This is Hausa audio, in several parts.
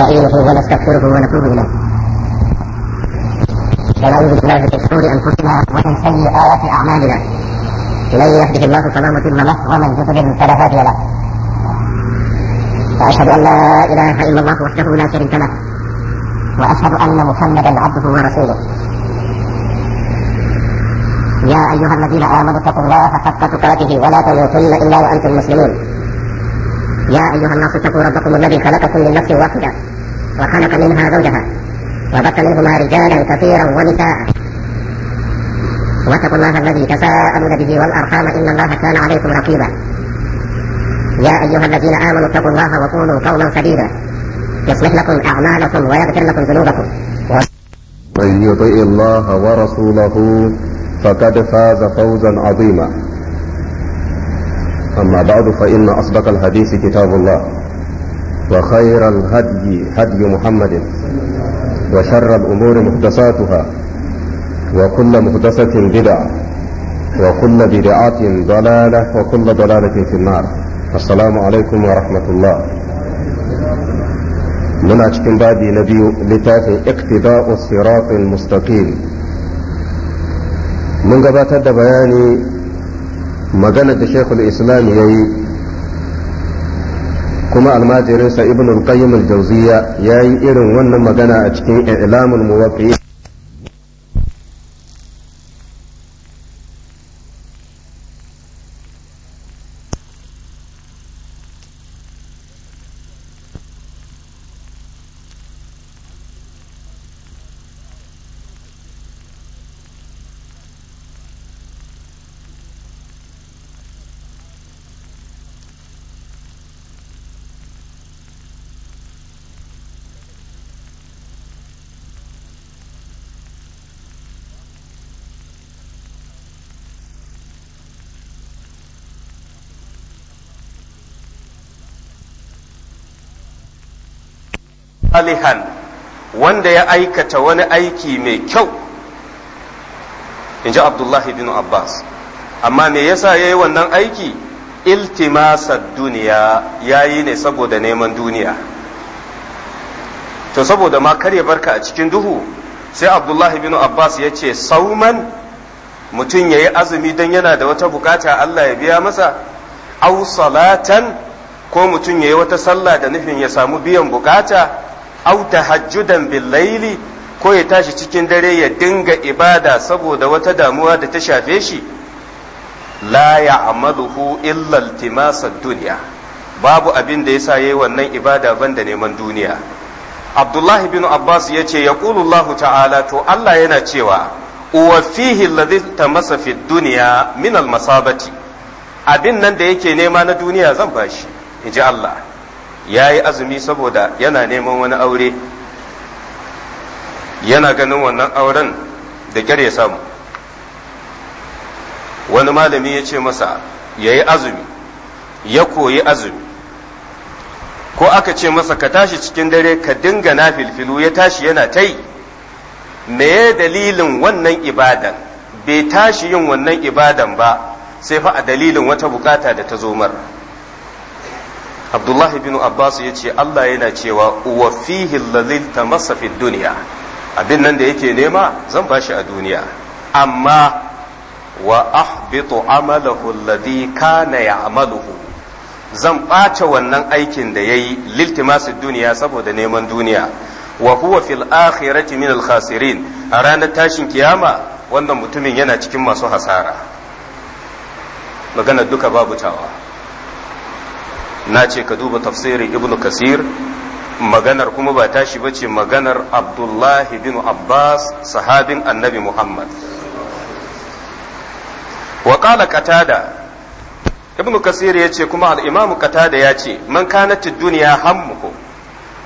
نستعينه ونستغفره ونتوب إليه ونعوذ بالله من شرور أنفسنا ومن سيئات أعمالنا من يهده الله فلا مضل له ومن يضلل فلا هادي له وأشهد أن لا إله إلا الله وحده لا شريك له وأشهد أن محمدا عبده ورسوله يا أيها الذين آمنوا اتقوا الله حق تقاته ولا تموتن إلا وأنتم مسلمون يا أيها الناس اتقوا ربكم الذي خلقكم من نفس واحدة وخلق منها زوجها وبث منهما رجالا كثيرا ونساء واتقوا الله الذي تساءلون به والارحام ان الله كان عليكم رقيبا يا ايها الذين امنوا اتقوا الله وقولوا قولا سديدا يصلح لكم اعمالكم ويغفر لكم ذنوبكم من يطع الله ورسوله فقد فاز فوزا عظيما أما بعد فإن أصدق الحديث كتاب الله وخير الهدي هدي محمد وشر الأمور محدثاتها وكل محدثة بدعة وكل بدعة ضلالة وكل ضلالة في النار السلام عليكم ورحمة الله من أجل بعد نبي لتاف اقتداء الصراط المستقيم من قبل بياني مجلد شيخ الإسلام kuma almajirinsa ibn al-qayyim al-jawziya yayi irin wannan magana a cikin ilamul muwaqqi'in salihan wanda ya aikata wani aiki mai kyau in ji abdullahi bin abbas amma me yasa ya yi wannan aiki iltimasar duniya ya yi ne saboda neman duniya to saboda ma kar barka a cikin duhu sai abdullahi bin abbas ya ce sauman mutum ya yi azumi don yana da wata bukata allah ya biya masa au salatan ko mutum ya yi wata sallah da nufin ya samu biyan bukata au tahajjudan bil laili ko ya tashi cikin dare ya dinga ibada saboda wata damuwa da ta shafe shi la ya'maluhu illa iltimasad dunya babu abin da yasa yayi wannan ibada banda neman duniya Abdullahi bin Abbas ya ce ya ƙulullahu ta'ala to Allah yana cewa uwa fihi ta tamasa fi duniya min al masabati abin nan da yake nema na duniya zan bashi inji Allah ya yi azumi saboda yana neman wani aure yana ganin wannan auren da kyar ya samu wani malami ya ce masa ya yi azumi ya koyi azumi ko aka ce masa ka tashi cikin dare ka dinga na filfilu ya tashi yana ta yi me dalilin wannan ibadan bai tashi yin wannan ibadan ba sai fa a dalilin wata bukata da ta zo mara abdullahi bin abbas ya ce allah yana cewa uwa fihi lalil ta masafin duniya abin nan da yake nema zan ba shi a duniya amma wa ahbitu amalahu alladhi kana ya'maluhu zan ɓace wannan aikin da yayi liltimasi duniya saboda neman duniya wa huwa fil akhirati min al khasirin a ranar tashin kiyama wannan mutumin yana cikin masu hasara magana duka babu tawa na ce ka duba tafsirin ibnu kasir maganar kuma ba tashi ba ce maganar abdullahi bin abbas sahabin annabi muhammad wa kala katada ibnu kasir ya ce kuma al-imamu ya ce man kanat duniya hammuhu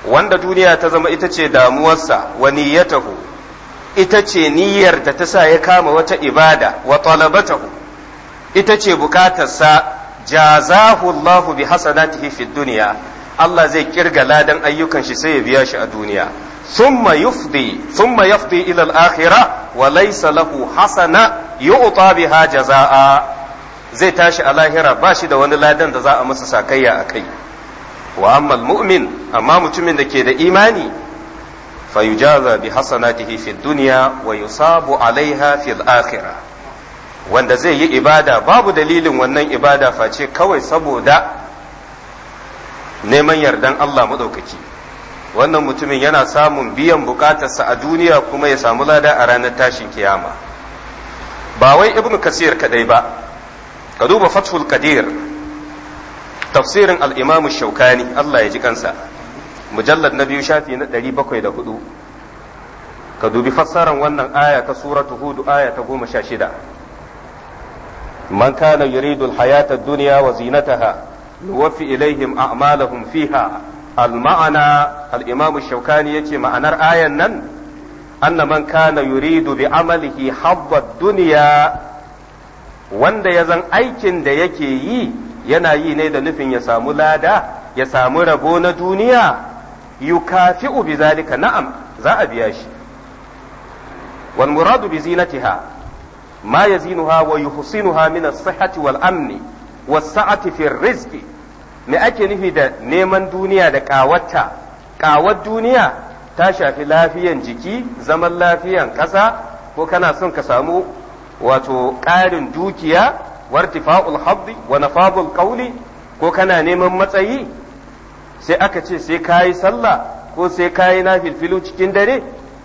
wanda duniya ta zama ita ce damuwarsa wa niyyatahu ita ce niyyar da ta sa ya kama wata ibada wa talabatahu ita ce bukatarsa jazahu Allahu bi hasanatihi fid dunya Allah zai kirga ladan ayyukan shi sai ya biya shi a duniya thumma yufdi thumma yafdi ila al-akhirah wa laysa lahu hasana yu'ta biha jazaa zai tashi a lahira ba shi da wani ladan da za a masa sakayya a kai wa ammal mu'min amma mutumin da ke da imani fa yujaza bi hasanatihi duniya dunya wa yusabu alaiha fil akhirah wanda zai yi ibada babu dalilin wannan ibada face kawai saboda neman yardan Allah maɗaukaki wannan mutumin yana samun biyan bukatarsa a duniya kuma ya samu lada a ranar tashin kiyama ba wai ibnu kasir kadai ba ka duba fathul qadir tafsirin al-imam shaukani Allah ya ji kansa mujallad na biyu shafi na 704 ka dubi fassarar wannan aya ta suratu hud aya ta shida. Manka kana yuridu al-hayata ad-dunya wa zinataha nuwaffi ilaihim a'malahum fiha al-ma'ana al-imam ash-shawkani yace ma'anar ayan nan anna man kana yuridu bi amalihi habba ad-dunya wanda ya zan aikin da yake yi yana yi ne da nufin ya samu lada ya samu rabo na duniya yukafi'u bi zalika na'am za a biya shi wal muradu bi zinatiha ma yazinuha wa yuhsinuha min as-sihhati wal amni was sa'ati fi me ake nufi da neman duniya da ƙawarta ƙawar duniya ta shafi lafiyan jiki zaman lafiyan ƙasa ko kana son ka samu wato ƙarin dukiya wartifa'ul haddi wa nafadul qawli ko kana neman matsayi sai aka ce sai kayi sallah ko sai kayi nafilfilu cikin dare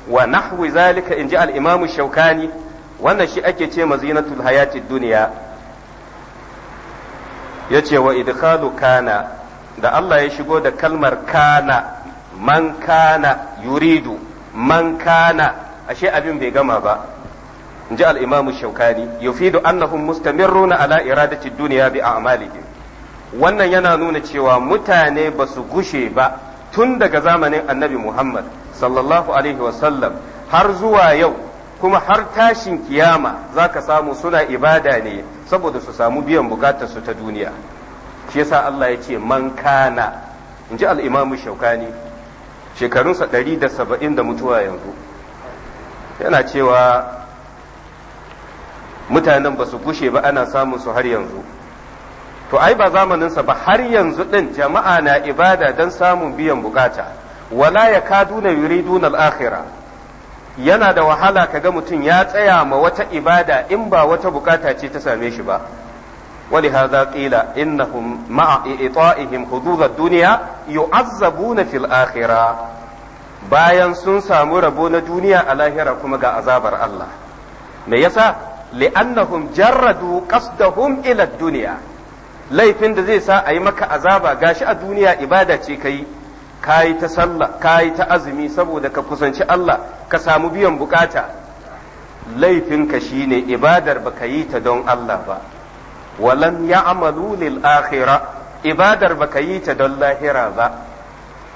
wa nahwi zalika inji al-imamu shaukani wannan shi ake ce ma zinatul hayatid duniya yace wa idkhalu kana da Allah ya shigo da kalmar kana man kana yuridu man kana ashe abin bai gama ba inji al-imam shaukani yufidu annahum mustamirruna ala iradatid duniya bi a'malihim wannan yana nuna cewa mutane ba su gushe ba tun daga zamanin annabi Muhammad sallallahu alaihi wasallam har zuwa yau kuma har tashin kiyama za ka samu suna ibada ne saboda su samu biyan bukatarsu ta duniya shi yasa Allah ya ce man kana in ji al'imamu shaukani shekarunsa ɗari da saba'in da mutuwa yanzu yana cewa mutanen ba su gushe ba ana samun su har yanzu to ai ba zamaninsa ba har yanzu ɗin jama'a na ibada don samun biyan bukata wala ya kaduna yuriduna al yana da wahala kaga mutum ya tsaya ma wata ibada in ba wata bukata ce ta same shi ba ولهذا قيل إنهم مع إطائهم حدود الدنيا يعذبون في الآخرة bayan sun samu rabo na duniya a lahira kuma ga azabar Allah me yasa li'annahum jarradu qasdahum ila duniya laifin da zai sa a yi maka azaba gashi a duniya ibada ce kai kayi ta sallah kayi ta azumi saboda ka kusanci Allah ka samu biyan bukata laifinka shine ibadar baka yi ta don Allah ba walan ya'malu lil akhirah ibadar baka yi ta don lahira ba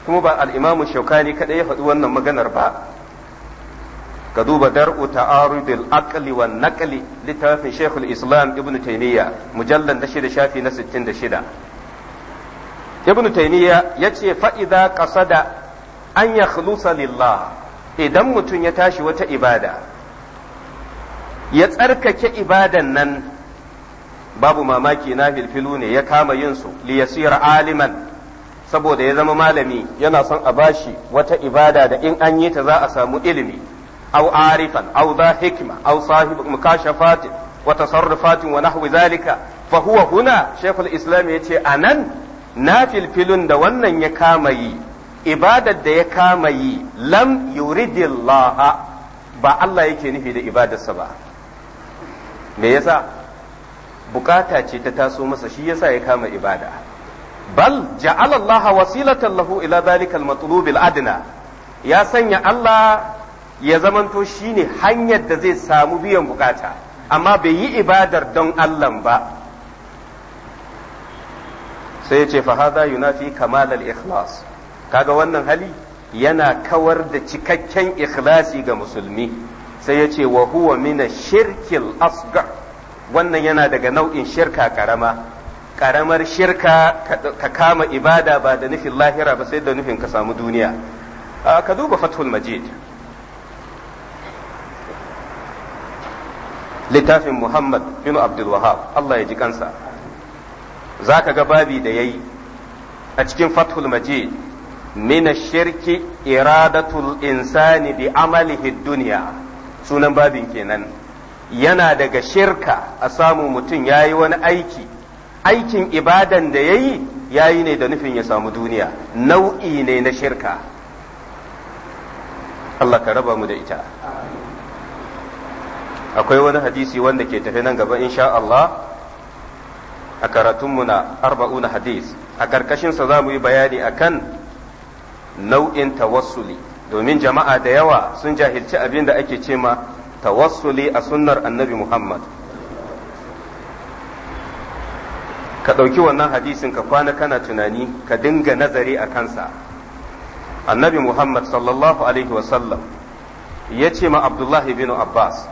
kuma ba al-Imam shaukani kada ya faɗi wannan maganar ba ka duba dar'u ta'arudil aqli wan naqli littafin shaykhul Islam ibnu Taymiyyah mujallar da shida shafi na 66 ibn taymiya yace fa idza qasada an yakhlusa lillah idan mutum ya tashi wata ibada ya tsarkake ibadan nan babu mamaki na filfilu ne ya kama yin su li aliman saboda ya zama malami yana son a bashi wata ibada da in an yi ta za a samu ilimi au arifan au za hikma au sahib mukashafatin wa tasarrufatin wa nahwi zalika fa huna shaykhul islam yace nan. na filfilun da wannan ya kama yi ibadar da ya kama yi lam yuridillah ba Allah yake nufi da ibadarsa ba me yasa bukata ce ta taso masa shi yasa ya kama ibada bal ja'ala Allah wasilatan lahu ila dhalika matlubil matlub adna ya sanya Allah ya zamanto shine hanyar da zai samu biyan bukata amma bai yi ibadar don Allah ba sai ya ce fa fi yunafi kamal al ikhlas kaga wannan hali yana kawar da cikakken ikhlasi ga musulmi sai ya ce wa huwa min shirkil asgar wannan yana daga nau'in shirka karama karamar shirka ka kama ibada ba da nufin lahira ba sai da nufin ka samu duniya ka duba fathul majid littafin muhammad bin abdul wahab allah ya ji kansa za ka ga babi da ya yi a cikin fathul majid mina shirki iradatul insani bi amalihi duniya sunan babin kenan yana daga shirka a samu mutum ya yi wani aiki aikin ibadan da ya yi ya yi ne da nufin ya samu duniya nau'i ne na shirka Allah ka raba mu da ita akwai wani hadisi wanda ke tafi nan gaba insha Allah a karatunmu na na hadis a ƙarƙashinsa za mu yi bayani akan nau'in tawassuli domin jama'a da yawa sun jahilci abin da ake ce ma tawassuli a sunnar annabi muhammad ka ɗauki wannan hadisin ka kwana kana tunani ka dinga nazari a kansa annabi muhammad sallallahu alaihi wasallam ya ce ma abdullahi bin abbas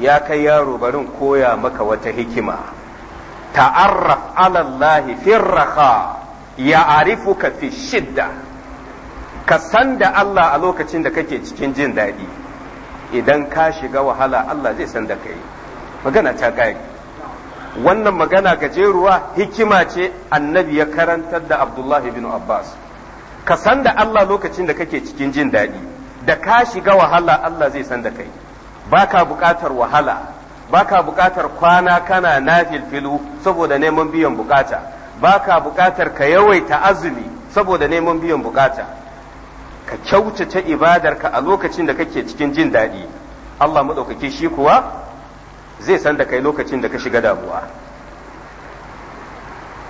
ya kai yaro barin koya maka wata hikima ta'arraf ala Allah fi raha ya'rifuka fi shidda ka san da Allah a lokacin da kake cikin jin daɗi idan ka shiga wahala Allah zai san da kai magana ta gari wannan magana gajeruwa hikima ce annabi ya karantar da Abdullahi bin Abbas ka san da Allah lokacin da kake cikin jin daɗi da ka shiga wahala Allah zai san da kai baka buƙatar wahala baka bukatar kwana kana filu saboda neman biyan bukata baka buƙatar ka yawaita azumi saboda neman biyan bukata ka kyautata ibadarka a lokacin da kake cikin jin daɗi Allah maɗaukaki shi kuwa zai san da kai lokacin da ka shiga damuwa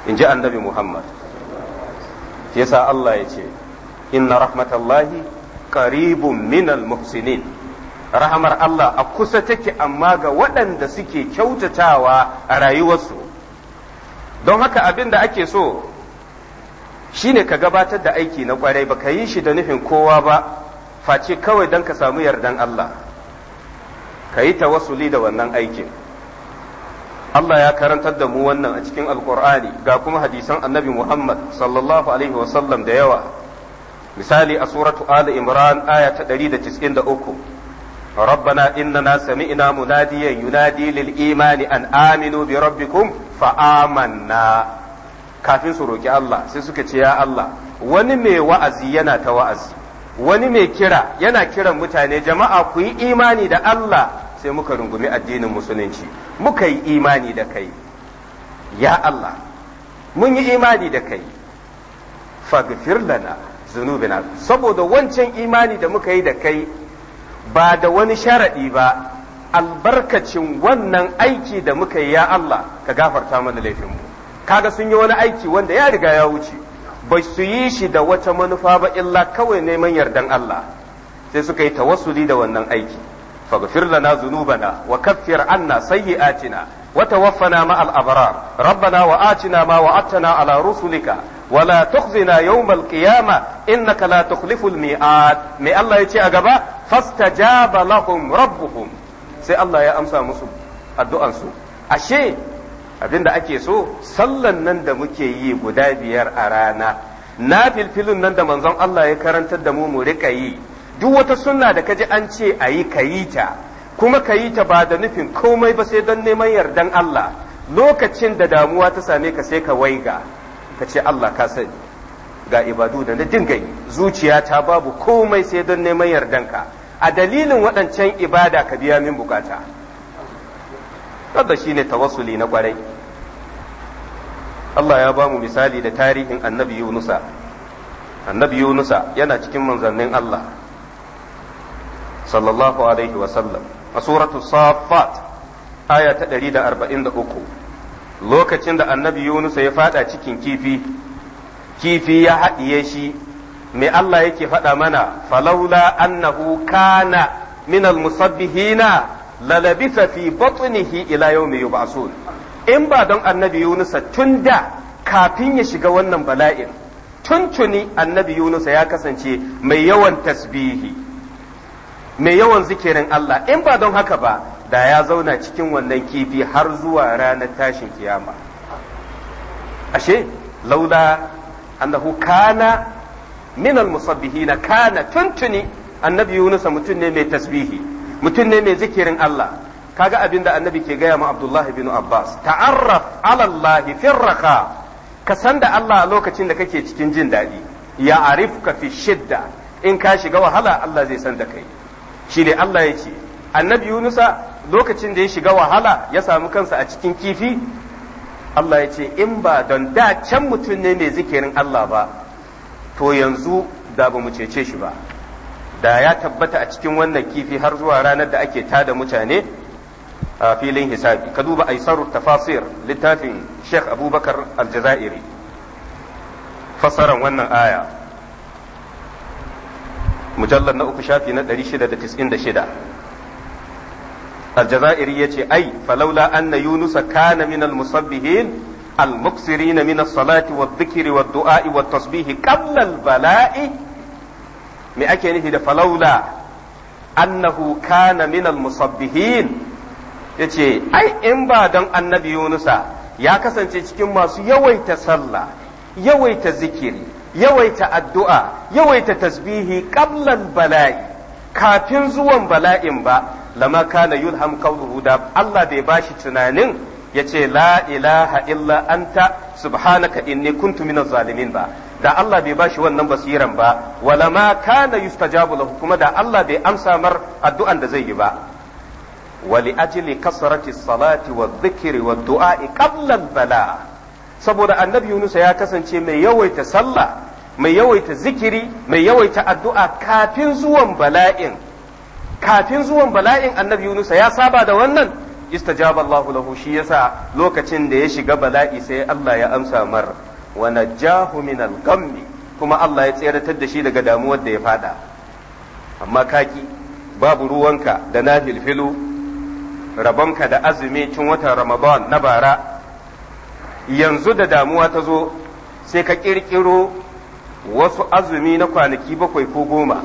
in ji annabi Muhammad yasa Allah ya ce inna rahmatallahi qaribun minal muhsinin rahamar Allah a kusa take amma ga waɗanda suke kyautatawa a rayuwarsu don haka abin da ake so shi ne ka gabatar da aiki na kwarai ba ka yi shi da nufin kowa ba face kawai don ka samu yardan Allah ka yi tawassuli da wannan aikin Allah ya karantar da mu wannan a cikin alkur'ani ga kuma hadisan annabi Muhammad sallallahu alaihi wasallam da yawa misali a suratu Ali Imran aya ta 193 ربنا na سمعنا مناديا ينادي للإيمان أن آمنوا بربكم فآمنا kafin su roƙi Allah sai suka ce ya Allah wani mai wa'azi yana ta wa'azi wani mai kira yana kiran mutane jama'a ku yi imani da Allah sai muka rungumi addinin musulunci muka yi imani da kai ya Allah mun yi imani da kai faghfir lana zunubina saboda wancan imani da muka yi da kai ba da wani sharaɗi ba albarkacin wannan aiki da muka yi ya Allah ka gafarta mana laifinmu kaga sun yi wani aiki wanda ya riga ya wuce ba su yi shi da wata manufa ba illa kawai neman yardan Allah sai suka yi tawassuli da wannan aiki faghfir lana dhunubana wa kaffir anna sayyi'atina wa tawaffana al abrar rabbana wa atina ma wa'adtana ala rusulika wala tukhzina yawmal qiyama innaka la tukhliful mi'ad me Allah yace a gaba fastajaba lahum rabbuhum sai Allah ya amsa musu addu'an su ashe abinda ake so sallan nan da muke yi guda biyar a rana na filfilin nan da manzon Allah ya karantar da mu mu rika yi duk wata sunna da kaji an ce ayi kayi ka yi ta kuma ka yi ta ba da nufin komai ba sai don neman yardan Allah lokacin da damuwa ta same ka sai ka waiga ka ce Allah ka sani ga ibadu da na dingai zuciyata zuciya ta babu komai sai don neman yardanka a dalilin waɗancan ibada ka biya min bukata kada shine tawassuli na kwarai Allah ya bamu misali da tarihin annabi Yunusa annabi Yunusa yana cikin manzannin Allah sallallahu alaihi wasallam a suratul safat aya ta 143 lokacin da annabi Yunus ya fada cikin kifi kifi ya haɗiye shi me Allah yake faɗa mana falaula annahu kana min almusabbihina lalabisa fi batnihi ila yawmi yub'asun in ba don annabi Yunus tun da kafin ya shiga wannan bala'in tuntuni annabi Yunus ya kasance mai yawan tasbihi mai yawan zikirin Allah in ba don haka ba da ya zauna cikin wannan kifi har zuwa ranar tashin kiyama ashe laula annahu kana min almusabbihina kana tuntuni annabi yunus mutum ne mai tasbihi mutum ne mai zikirin Allah kaga abin da annabi ke gaya ma abdullahi bin abbas ta'arraf ala allah firraka ka san da Allah lokacin da kake cikin jin daɗi ya arifka fi shidda in ka shiga wahala Allah zai san da kai shine Allah yake annabi yunusa lokacin da ya shiga wahala ya samu kansa a cikin kifi Allah ya ce in ba don da can mutum ne mai zikirin Allah ba to yanzu da ba mu cece shi ba da ya tabbata a cikin wannan kifi har zuwa ranar da ake tada mutane a filin hisabi ka duba aisaru tafasir littafin sheikh abubakar aljazairi fasaran wannan aya mujallar na uku shafi na 696 aljazairi yace ai falaula anna yunusa kana min almusabbihin almuksirina min as-salati wadh-dhikri wad-du'a'i wat-tasbihi qabla balai me ake nufi da falaula annahu kana min almusabbihin yace ai in ba dan annabi yunusa ya kasance cikin masu yawaita sallah yawaita zikiri yawaita addu'a yawaita tasbihi qablan bala'i kafin zuwan bala'in ba lama kana yulham qawluhu da Allah bai bashi tunanin yace la ilaha illa anta subhanaka inni kuntu minaz zalimin ba da Allah bai bashi wannan basiran ba wala ma kana yustajabu lahu kuma da Allah bai amsa mar addu'an da zai yi ba wali ajli kasrati salati wa dhikri wa du'a qabla bala saboda annabi Yunus ya kasance mai yawaita sallah mai yawaita zikiri mai yawaita addu'a kafin zuwan bala'in kafin zuwan bala'in annabi Yunusa ya saba da wannan istajaba Allah lahu shi yasa lokacin da ya shiga bala'i sai Allah ya amsa mar wa najahu min al kuma Allah ya tseratar da shi daga damuwar da ya fada amma kaki babu ruwanka da nafil filu rabonka da azumi tun watan Ramadan na bara yanzu da damuwa ta zo sai ka kirkiro wasu azumi na kwanaki bakwai ko goma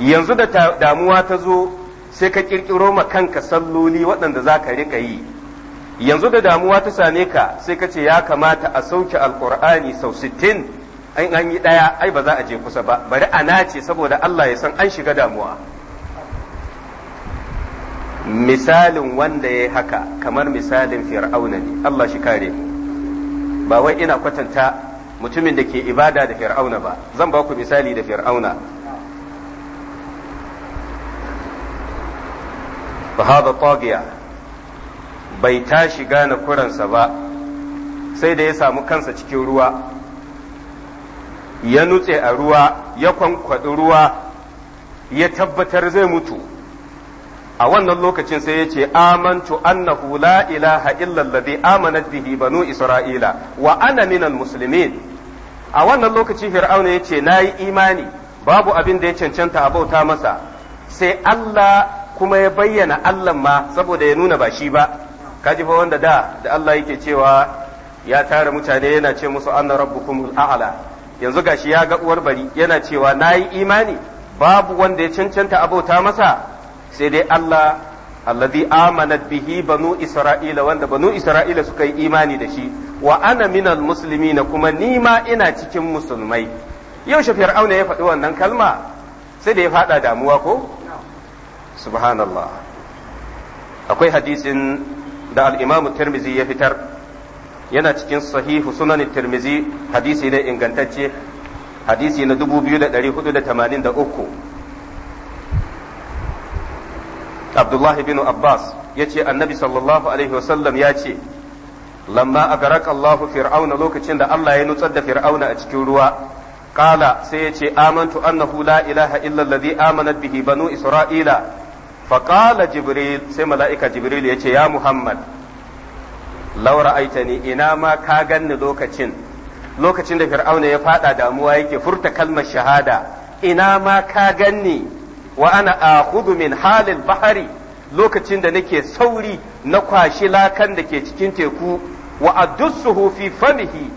yanzu da damuwa ta zo sai ka kirkiro ma kanka salloli waɗanda za ka rika yi yanzu da damuwa ta same ka sai ka ce ya kamata a sauke alƙur'ani sau sittin an an yi ɗaya ai ba za a je kusa ba bari a nace saboda Allah ya san an shiga damuwa misalin wanda ya haka kamar misalin fir'auna ne Allah shi kare ba wai ina kwatanta mutumin da ke ibada da fir'auna ba zan ba ku misali da fir'auna fa hada bai tashi gane kuransa ba sai da ya samu kansa cikin ruwa ya nutse a ruwa ya kwankwaɗi ruwa ya tabbatar zai mutu a wannan lokacin sai ya ce amantu annahu la ilaha illalladhi amanat bihi banu isra'ila wa ana minal muslimin a wannan lokacin fir'auna yace ce yi imani babu abin da ya cancanta a bauta masa sai Allah kuma ya bayyana Allah ma saboda ya nuna ba shi ba kaji fa wanda da da Allah yake cewa ya tara mutane yana ce musu anna rabbukumul a'la yanzu gashi ya ga uwar bari yana cewa nayi imani babu wanda ya cancanta abota masa sai dai Allah alladhi amanat bihi banu isra'ila wanda banu isra'ila suka yi imani da shi wa ana minal muslimina kuma ni ma ina cikin musulmai yau shafiyar auna ya faɗi wannan kalma sai da ya faɗa damuwa ko subhanallah akwai hadisin da al'imamu tirmizi ya fitar yana cikin sahihu sunanin tirmizi hadisi ne ingantacce hadisi na 2483 abdullahi bin abbas ya ce annabi sallallahu alaihi wasallam ya ce lamma agaraka allahu fir'auna lokacin da allah ya nutsar da fir'auna a cikin ruwa kala sai ya ce amantu annahu la ilaha illa allazi amanat bihi banu isra'ila faƙala jibril sai mala'ika jibril ya ce ya muhammad laura aitani ina ma ka ganni lokacin lokacin da fir'auna ya faɗa damuwa yake furta kalma shahada ina ma ka ganni wa ana akhudhu min halin bahari lokacin da nake sauri na kwashi lakan da ke cikin teku wa adussuhu fi famihi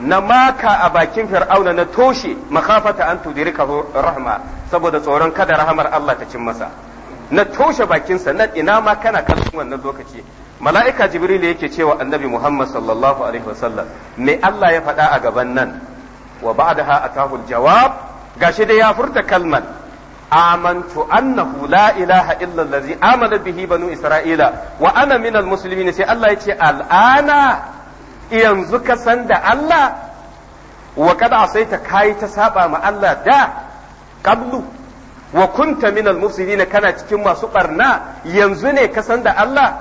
na maka a bakin fir'auna na toshe makafata an tudirika rahma saboda tsoron kada rahamar Allah ta cin masa na toshe bakinsa na ina ma kana kallon wannan lokaci mala'ika jibril yake cewa annabi muhammad sallallahu alaihi wasallam me allah ya faɗa a gaban nan wa ba'daha atahu jawab gashi dai ya furta kalman amantu annahu la ilaha illa allazi amana bihi banu isra'ila wa ana minal muslimin sai allah yace al'ana yanzu ka san da allah wa kada asaita kai ta saba ma allah da qablu wa kunta minal mufsidin kana cikin masu barna yanzu ne ka san da Allah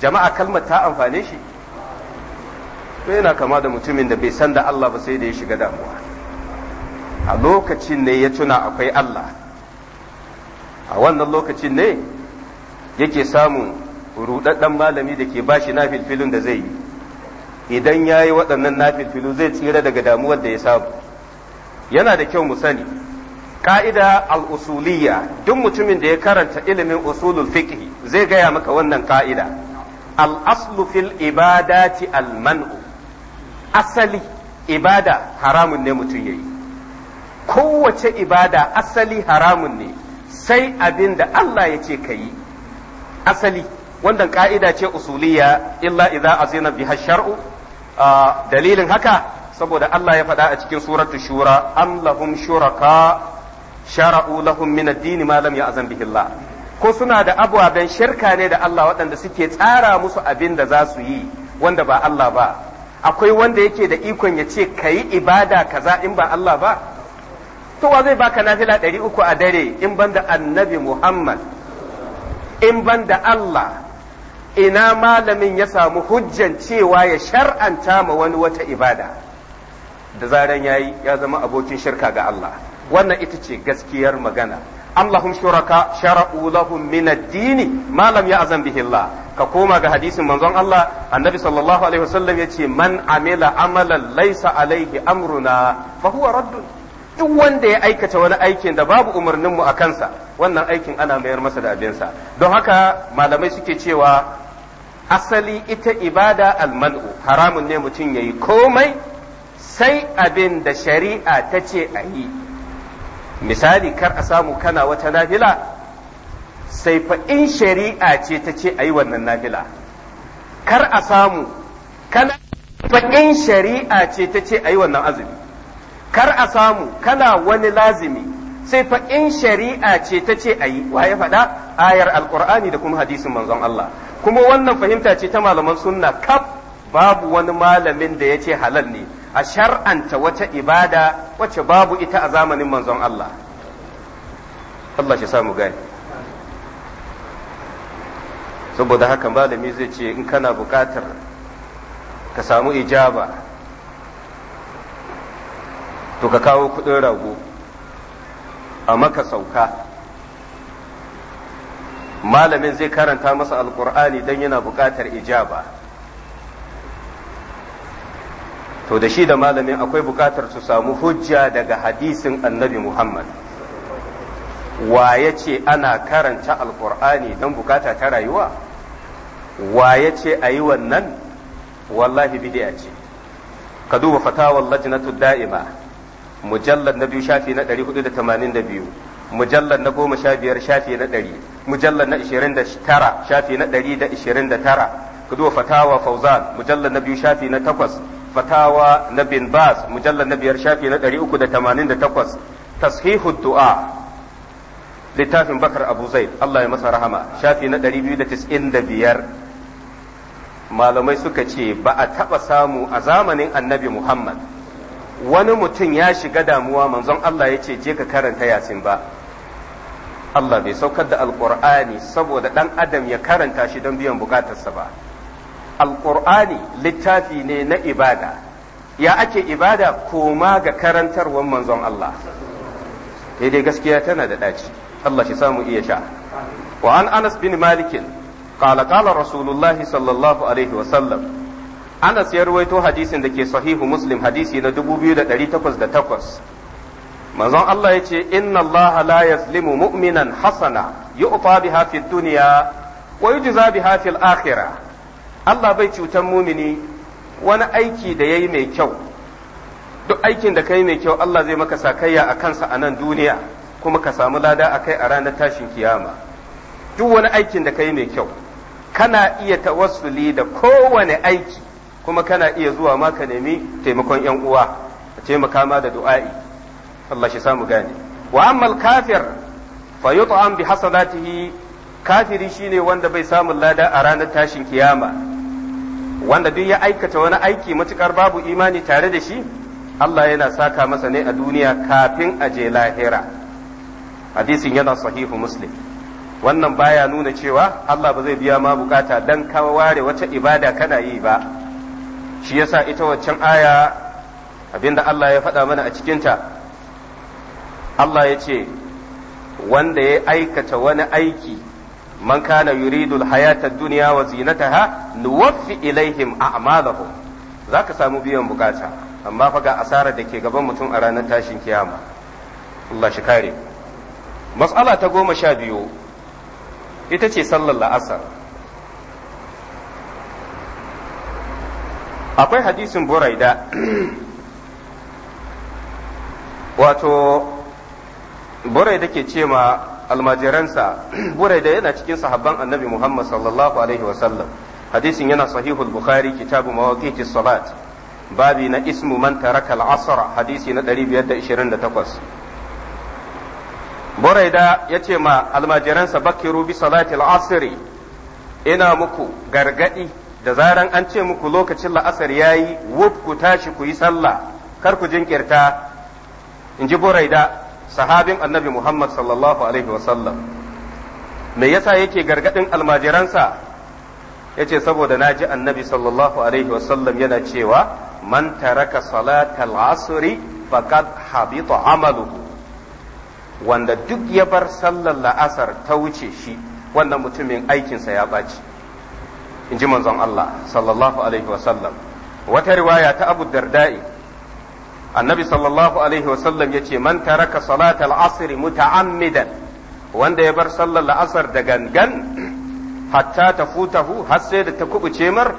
jama'a kalmar ta amfane shi to yana kama da mutumin da bai san da Allah ba sai da ya shiga damuwa a lokacin ne ya tuna akwai Allah a wannan lokacin ne yake samun rudaddan malami da ke bashi na filfilin da zai yi idan ya yi waɗannan na zai tsira daga damuwar da ya samu yana da kyau mu sani ka'ida al-usuliyya duk mutumin da ya karanta ilimin usulul fiqh zai gaya maka wannan ka'ida al-aslu fil ibadati al-man'u asali ibada haramun ne mutum yayi kowace ibada asali haramun ne sai abinda da Allah ya ce ka yi asali wannan ka'ida ce usuliya illa idza azina biha shar'u dalilin haka saboda Allah ya faɗa a cikin suratul shura am lahum shuraka shara'u lahum min ad-din ma lam ya'zan bihi Allah ko suna da ababen shirka ne da Allah waɗanda suke tsara musu abin da za su yi wanda ba Allah ba akwai wanda yake da ikon ya ce kayi ibada kaza in ba Allah ba to wa zai baka nafila ɗari uku a dare in banda annabi Muhammad in banda Allah ina malamin ya samu hujjan cewa ya shar'anta ma wani wata ibada da zaran yayi ya zama abokin shirka ga Allah wannan ita ce gaskiyar magana am lahum shuraka shara'u lahum min ad-dini ma lam ya'zan bihi Allah ka koma ga hadisin manzon Allah annabi sallallahu alaihi wasallam yace man amila amalan laysa alaihi amruna fa huwa duk wanda ya aikata wani aikin da babu umarnin mu akansa wannan aikin ana mayar masa da abinsa don haka malamai suke cewa asali ita ibada alman'u haramun ne mutum yayi komai sai abin da shari'a ta ce a yi misali kar a samu kana wata nafila sai fa in shari'a ce ta ce a yi wannan nafila kar a samu kana fa in shari'a ce ta ce a yi wannan azumi kar a samu kana wani lazimi sai fa in shari'a ce ta ce a yi wa ya faɗa ayar alkur'ani da kuma hadisin manzon Allah kuma wannan fahimta ce ta malaman sunna kaf babu wani malamin da ya ce halal ne a shar'anta wata ibada wacce babu ita a zamanin manzon Allah Allah shi samu gani saboda haka malami zai ce in kana bukatar ka samu ijaba to ka kawo kudin rago a maka sauka malamin zai karanta masa alkur'ani don yana bukatar ijaba to da shi da malamin akwai bukatar su samu hujja daga hadisin annabi muhammad wa ya ce ana karanta alkur'ani don bukata ta rayuwa wa ya ce a yi wannan wallahi bidiya ce ka duba fatawar lajinatu da'ima mujallar na biyu shafi na 482 mujallar na goma sha biyar shafi na 100 mujallar na 29 shafi na 129 ka duba fatawa fauzan mujallar na biyu shafi na takwas. fatawa na bin bas mujallar na biyar shafi na 388 tashihu du'a littafin bakar abu zaid Allah ya masa rahama shafi na biyar. malamai suka ce ba a taɓa samu a zamanin annabi muhammad wani mutum ya shiga damuwa manzon Allah ya ce je ka karanta yasin ba Allah bai saukar da alƙur'ani saboda ɗan adam ya karanta shi don biyan bukatarsa ba alƙur'ani littafi ne na ibada ya ake ibada koma ga karantarwar manzon Allah daidai gaskiya tana da ɗaci Allah shi samu iya sha wa an Anas bin Malikin qala qala Rasulullahi sallallahu alaihi wa sallam Anas ya ruwaito hadisin da ke sahihu Muslim hadisi na dubu 2808 manzon Allah ya ce inna Allah la yazlimu mu'minan hasana yu'ta biha fid dunya wa yujza biha fil akhirah Allah bai cutar mumini wani aiki da ya yi mai kyau duk aikin da ka yi mai kyau Allah zai maka sakayya a kansa a nan duniya kuma ka samu lada a kai a ranar tashin kiyama duk wani aikin da ka yi mai kyau kana iya tawassuli da kowane aiki kuma kana iya zuwa ma nemi taimakon yan uwa a taimaka ma da du'a'i Allah shi samu gane wa ammal kafir fa yut'am bi hasanatihi kafiri shine wanda bai samu lada a ranar tashin kiyama wanda duk ya aikata wani aiki matukar babu imani tare da shi Allah yana saka masa ne a duniya kafin a je lahira hadisin yana sahihu muslim wannan baya nuna cewa Allah ba zai biya ma bukata dan ka ware wata ibada kana yi ba shi yasa ita waccan aya abinda Allah ya faɗa mana a cikinta Allah ya ce wanda ya aikata wani aiki man kana yuridu al-hayata ad-dunya wa zinataha nuwaffi ilaihim a'malahum zaka samu biyan bukata amma fa ga asarar da ke gaban mutum a ranar tashin kiyama Allah shi kare mas'ala ta goma sha biyu ita ce sallar la'asar akwai hadisin buraida wato buraida ke ce almajiransa buraida yana cikin sahabban annabi muhammad sallallahu alaihi wasallam hadisin yana sahihul bukhari kitabu mawaqiti salat babi na ismu man taraka al-asr hadisi na 528 buraida yace ma almajiransa bakiru bi salati al-asr ina muku gargadi da zaran an ce muku lokacin la'asar yayi wuf ku tashi ku yi sallah kar ku jinkirta in ji buraida sahabin annabi Muhammad sallallahu alaihi wasallam me yasa yake gargadin almajiransa yace saboda na ji annabi sallallahu alaihi wasallam yana cewa man taraka salatal asri faqad habita amaluhu wanda duk ya bar sallar la'asar ta wuce shi wannan mutumin aikinsa ya baci in ji manzon Allah sallallahu alaihi wasallam wata riwaya ta Abu Darda'i annabi sallallahu alaihi wasallam ya ce man taraka salatal asr muta'ammidan wanda ya bar sallar la'asar da gangan hatta ta futahu har sai da ta kubuce mar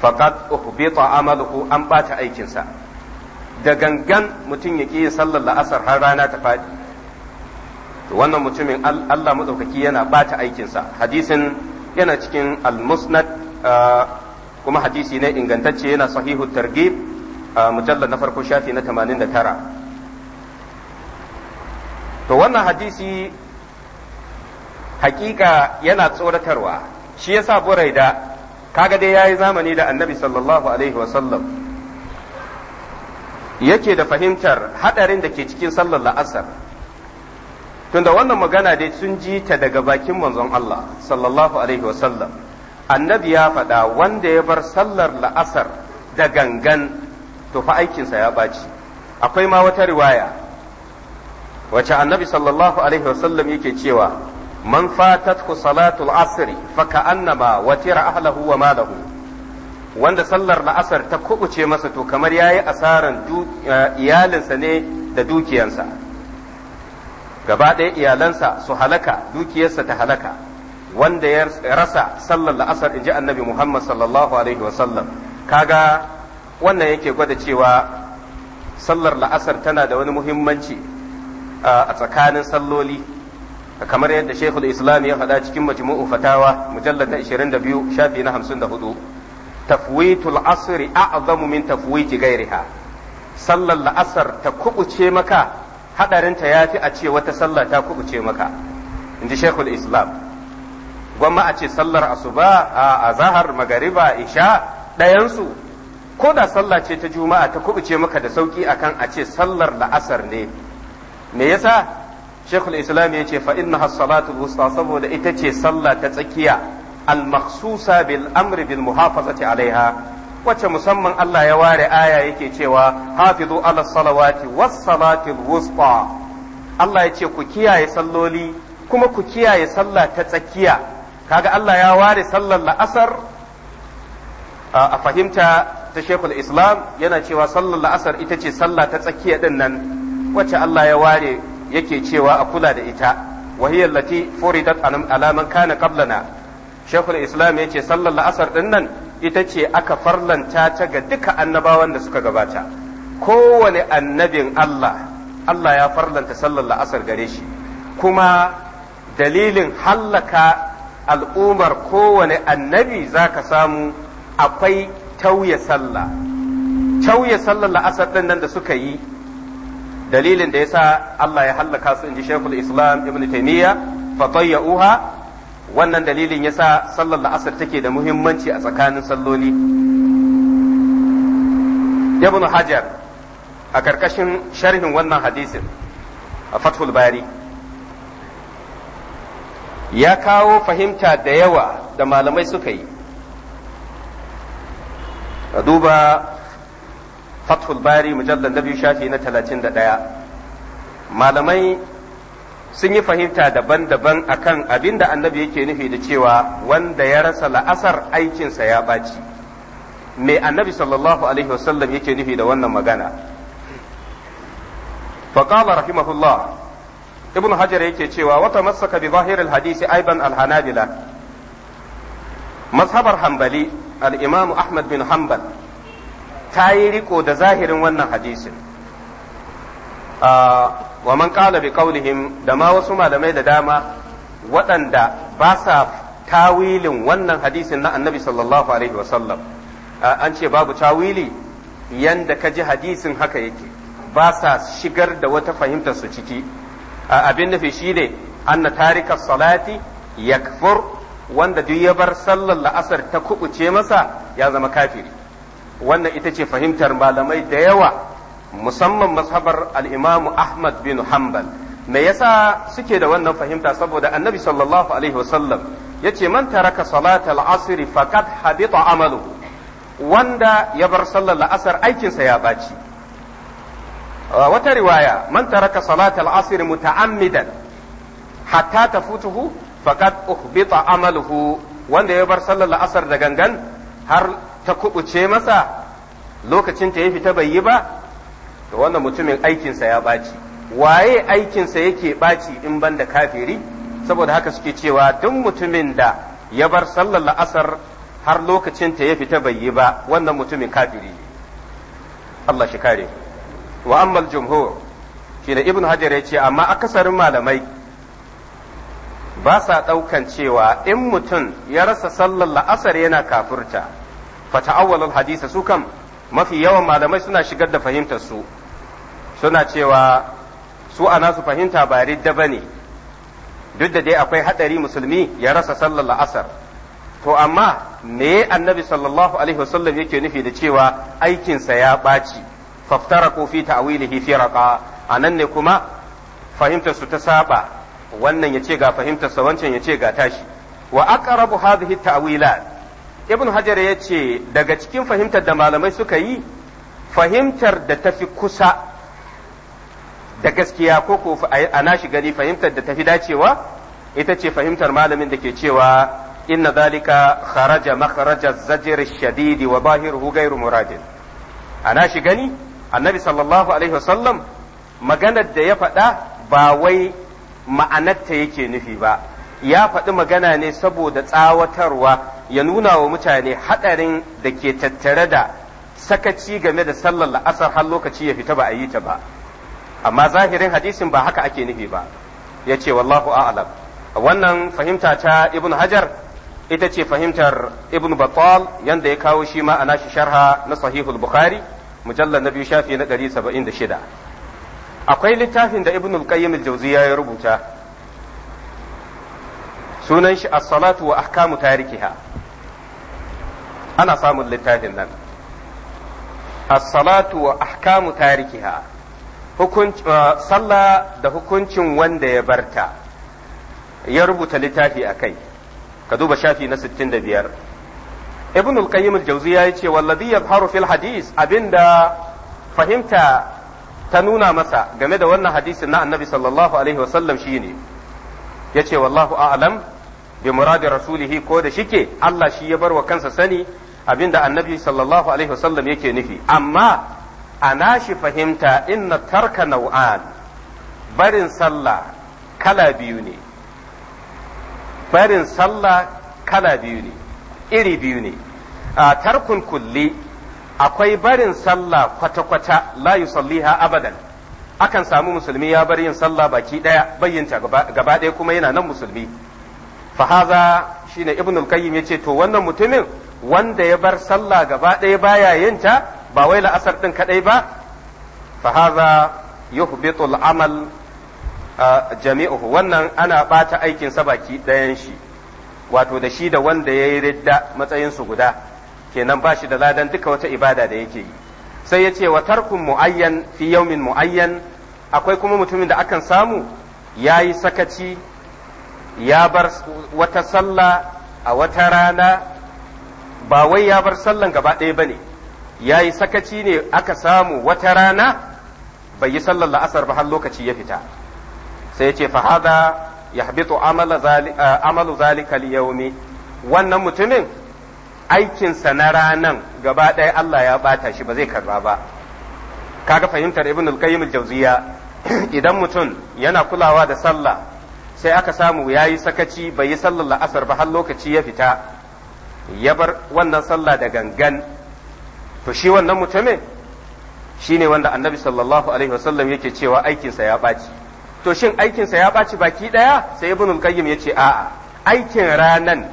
faqad uhbita amaluhu an bata aikinsa da gangan mutum ya ƙi sallar la'asar har rana ta faɗi wannan mutumin Allah maɗaukaki yana bata aikinsa hadisin yana cikin al-musnad ah, kuma hadisi ne ingantacce yana sahihu targib. a mujallar na farko shafi na 89 to wannan hadisi hakika yana tsoratarwa shi yasa da kaga dai yayi zamani da annabi sallallahu alaihi wasallam yake da fahimtar hadarin da ke cikin sallar la'asar tunda wannan magana dai sun ji ta daga bakin manzon Allah sallallahu alaihi wasallam annabi ya faɗa wanda ya bar sallar la'asar da gangan to fa aikinsa ya baci akwai ma wata riwaya wace annabi sallallahu alaihi wasallam yake cewa man fatatku salatul asri fa ka'annama watira ahlahu wa malahu wanda sallar la'asar ta kubuce masa to kamar yayi asaran eh, iyalinsa ne da dukiyansa gaba ɗaya iyalansa su halaka dukiyarsa ta halaka wanda ya rasa sallar la'asar inji annabi muhammad sallallahu alaihi wasallam kaga wannan yake gwada cewa sallar la'asar tana da wani muhimmanci a tsakanin salloli kamar yadda shekul islam ya faɗa cikin majmu'u fatawa mujallar na 22 shafi na 54 tafwitul asri a'zamu min tafwiti gairiha sallar la'asar ta kubuce maka hadarinta fi a ce wata sallar ta kubuce maka inji shekul islam gwamma a ce sallar asuba a azahar magariba isha ɗayansu ko da sallah ce ta juma'a ta kubuce maka da sauki akan a ce sallar la'asar ne me yasa shekul islam ya ce fa inna salatu wusta saboda ita ce sallah ta tsakiya al maksusa bil amri bil muhafazati alaiha wacce musamman Allah ya ware aya yake cewa hafizu ala salawati was salatil wusta Allah ya ce ku kiyaye salloli kuma ku kiyaye sallah ta tsakiya kaga Allah ya ware sallar la'asar a fahimta ta shekul islam yana cewa sallar la'asar ita ce sallah ta tsakiya din nan wacce Allah ya ware yake cewa a kula da ita wahiyar lati furidat alaman kana kablana shekul islam ya ce sallar la'asar din nan ita ce aka farlanta ta ga duka annabawan da suka gabata kowane annabin Allah Allah ya farlanta sallar la'asar gare shi kuma dalilin hallaka al'umar kowane annabi za ka samu akwai tauye sallah tauye sallar la'asar din nan da suka yi dalilin da yasa Allah ya hallaka su inji Sheikhul Islam Ibn Taymiyyah fa tayyuha wannan dalilin yasa sallar la'asar take da muhimmanci a tsakanin salloli Ibn Hajar a karkashin sharhin wannan hadisin a Fathul Bari ya kawo fahimta da yawa da malamai suka yi ka duba fathul bari mujallar na biyu shafi na talatin da ɗaya malamai sun yi fahimta daban-daban akan abinda annabi yake nufi da cewa wanda ya rasa la'asar aikinsa ya ɓaci me annabi sallallahu alaihi wasallam yake nufi da wannan magana faqala rahimahullah ibnu hajar yake cewa wata masaka bi zahiril hadisi aiban al-hanabila mazhabar hambali al'imamu ahmad bin hambal ta riko da zahirin wannan hadisin ah, wa man qala bi qawlihim da ma wasu malamai da dama waɗanda ba sa tawilin wannan hadisin na annabi sallallahu alaihi wasallam ah, an ce babu tawili yanda ka ji hadisin haka yake ba sa shigar da wata fahimtar su ciki ah, abin nufi shine anna tarika salati yakfur wanda duk ya bar sallar la'asar ta kubuce masa ya zama kafiri wannan ita ce fahimtar malamai da yawa musamman mazhabar al-imam Ahmad bin Hanbal me yasa suke da wannan fahimta saboda annabi sallallahu alaihi wasallam yace man taraka salatal asr faqad habita amalu wanda ya bar sallar la'asar aikinsa ya baci wata riwaya man taraka salatal asr muta'ammidan hatta tafutuhu faqad ukhbita amaluhu wanda ya bar sallar la'asar da gangan har ta kubuce masa lokacin ta ya fita bai yi ba to wannan mutumin aikinsa ya ɓaci waye aikinsa yake baci in ban da kafiri saboda haka suke cewa duk mutumin da ya bar sallar la'asar har lokacin ta ya fita bai yi ba wannan mutumin kafiri Allah shi kare wa ammal jumhur shi da ibn hajar ya ce amma akasarin malamai ba sa ɗaukan cewa in mutum ya rasa sallar la'asar yana kafurta fata'awwal hadisa su kam mafi yawan malamai suna shigar da fahimtar su suna cewa su a nasu fahimta ba ridda ba ne duk da dai akwai haɗari musulmi ya rasa sallar la'asar to amma me annabi sallallahu alaihi wasallam yake nufi da cewa aikinsa ya ɓaci faftara ko fi ta'awilihi anan ne kuma fahimtar su ta saba wannan ya ce ga fahimtarsa wancan ya ce ga tashi wa aqrabu hadhihi ta'wilat ibn hajar ya ce daga cikin fahimtar da malamai suka yi fahimtar da tafi kusa da gaskiya ko ko a nashi gani fahimtar da tafi dacewa ita ce fahimtar malamin da ke cewa inna zalika kharaja makharaja zajir shadidi wa bahiruhu ghairu muradin a nashi gani annabi sallallahu alaihi wasallam maganar da ya faɗa ba wai ma'anarta yake nufi ba ya faɗi magana ne saboda tsawatarwa ya nuna wa mutane haɗarin da ke tattare da sakaci game da sallar la'asar har lokaci ya fita ba a yi ta ba amma zahirin hadisin ba haka ake nufi ba ya ce wallahu a'alam wannan fahimta ta ibn hajar ita ce fahimtar ibn batal yanda ya kawo shi ma a nashi sharha na sahihul bukhari mujallar na biyu shafi na 176 akwai littafin da ibnul qayyim al-jawziya ya rubuta sunan shi as-salatu wa ahkamu tarikiha ana samun littafin nan as-salatu wa ahkamu tarikiha uh, sallah da hukuncin wanda ya barta ya rubuta littafi a kai ka duba shafi na 65 ibn al-qayyim al-jawziya yace wallazi yadhharu fil hadith abinda fahimta ta nuna masa game da wannan hadisin na annabi sallallahu alaihi wasallam shine ce wallahu a'lam bi muradi rasulihi ko da shike Allah shi ya bar wa kansa sani abinda annabi sallallahu alaihi wasallam yake nufi amma ana shi fahimta inna tarka nau'an barin sallah kala biyu ne barin sallah kala biyu ne iri biyu ne tarkun kulli akwai barin sallah kwata-kwata la yusalliha abadan akan samu musulmi ya bar yin sallah baki daya bayyanta gaba daya kuma yana nan musulmi fa haza shine ibnul qayyim yace to wannan mutumin wanda ya bar sallah gaba daya baya yin ta ba wai la'asar din kadai ba fa haza yuhbitu amal jami'uhu wannan ana bata aikin sa baki dayan shi wato da shi da wanda yayi ridda matsayin su guda kenan ba shi da ladan duka wata ibada da yake yi sai yace ce wa tarkun mu'ayyan fi yaumin mu'ayyan akwai kuma mutumin da akan samu ya yi sakaci ya bar wata sallah a wata rana ba wai ya bar sallan gaba ɗaya ba ne ya yi sakaci ne aka samu wata rana bai yi sallar la'asar ba har lokaci ya fita sai ya ce fahada ya habitu eh, amalu zalika yaumi wannan mutumin aikinsa na ranan gaba ɗaya Allah ya ɓata shi ba zai karba ba kaga fahimtar ibn al-qayyim al-jawziya idan mutum yana kulawa da sallah sai aka samu yayi sakaci bai yi sallar la'asar ba har lokaci ya fita ya bar wannan sallah da gangan to shi wannan mutumin shine wanda annabi sallallahu alaihi wasallam yake cewa aikinsa ya ɓaci to shin aikinsa ya ɓaci baki ɗaya sai ibn al-qayyim yace a'a aikin ranan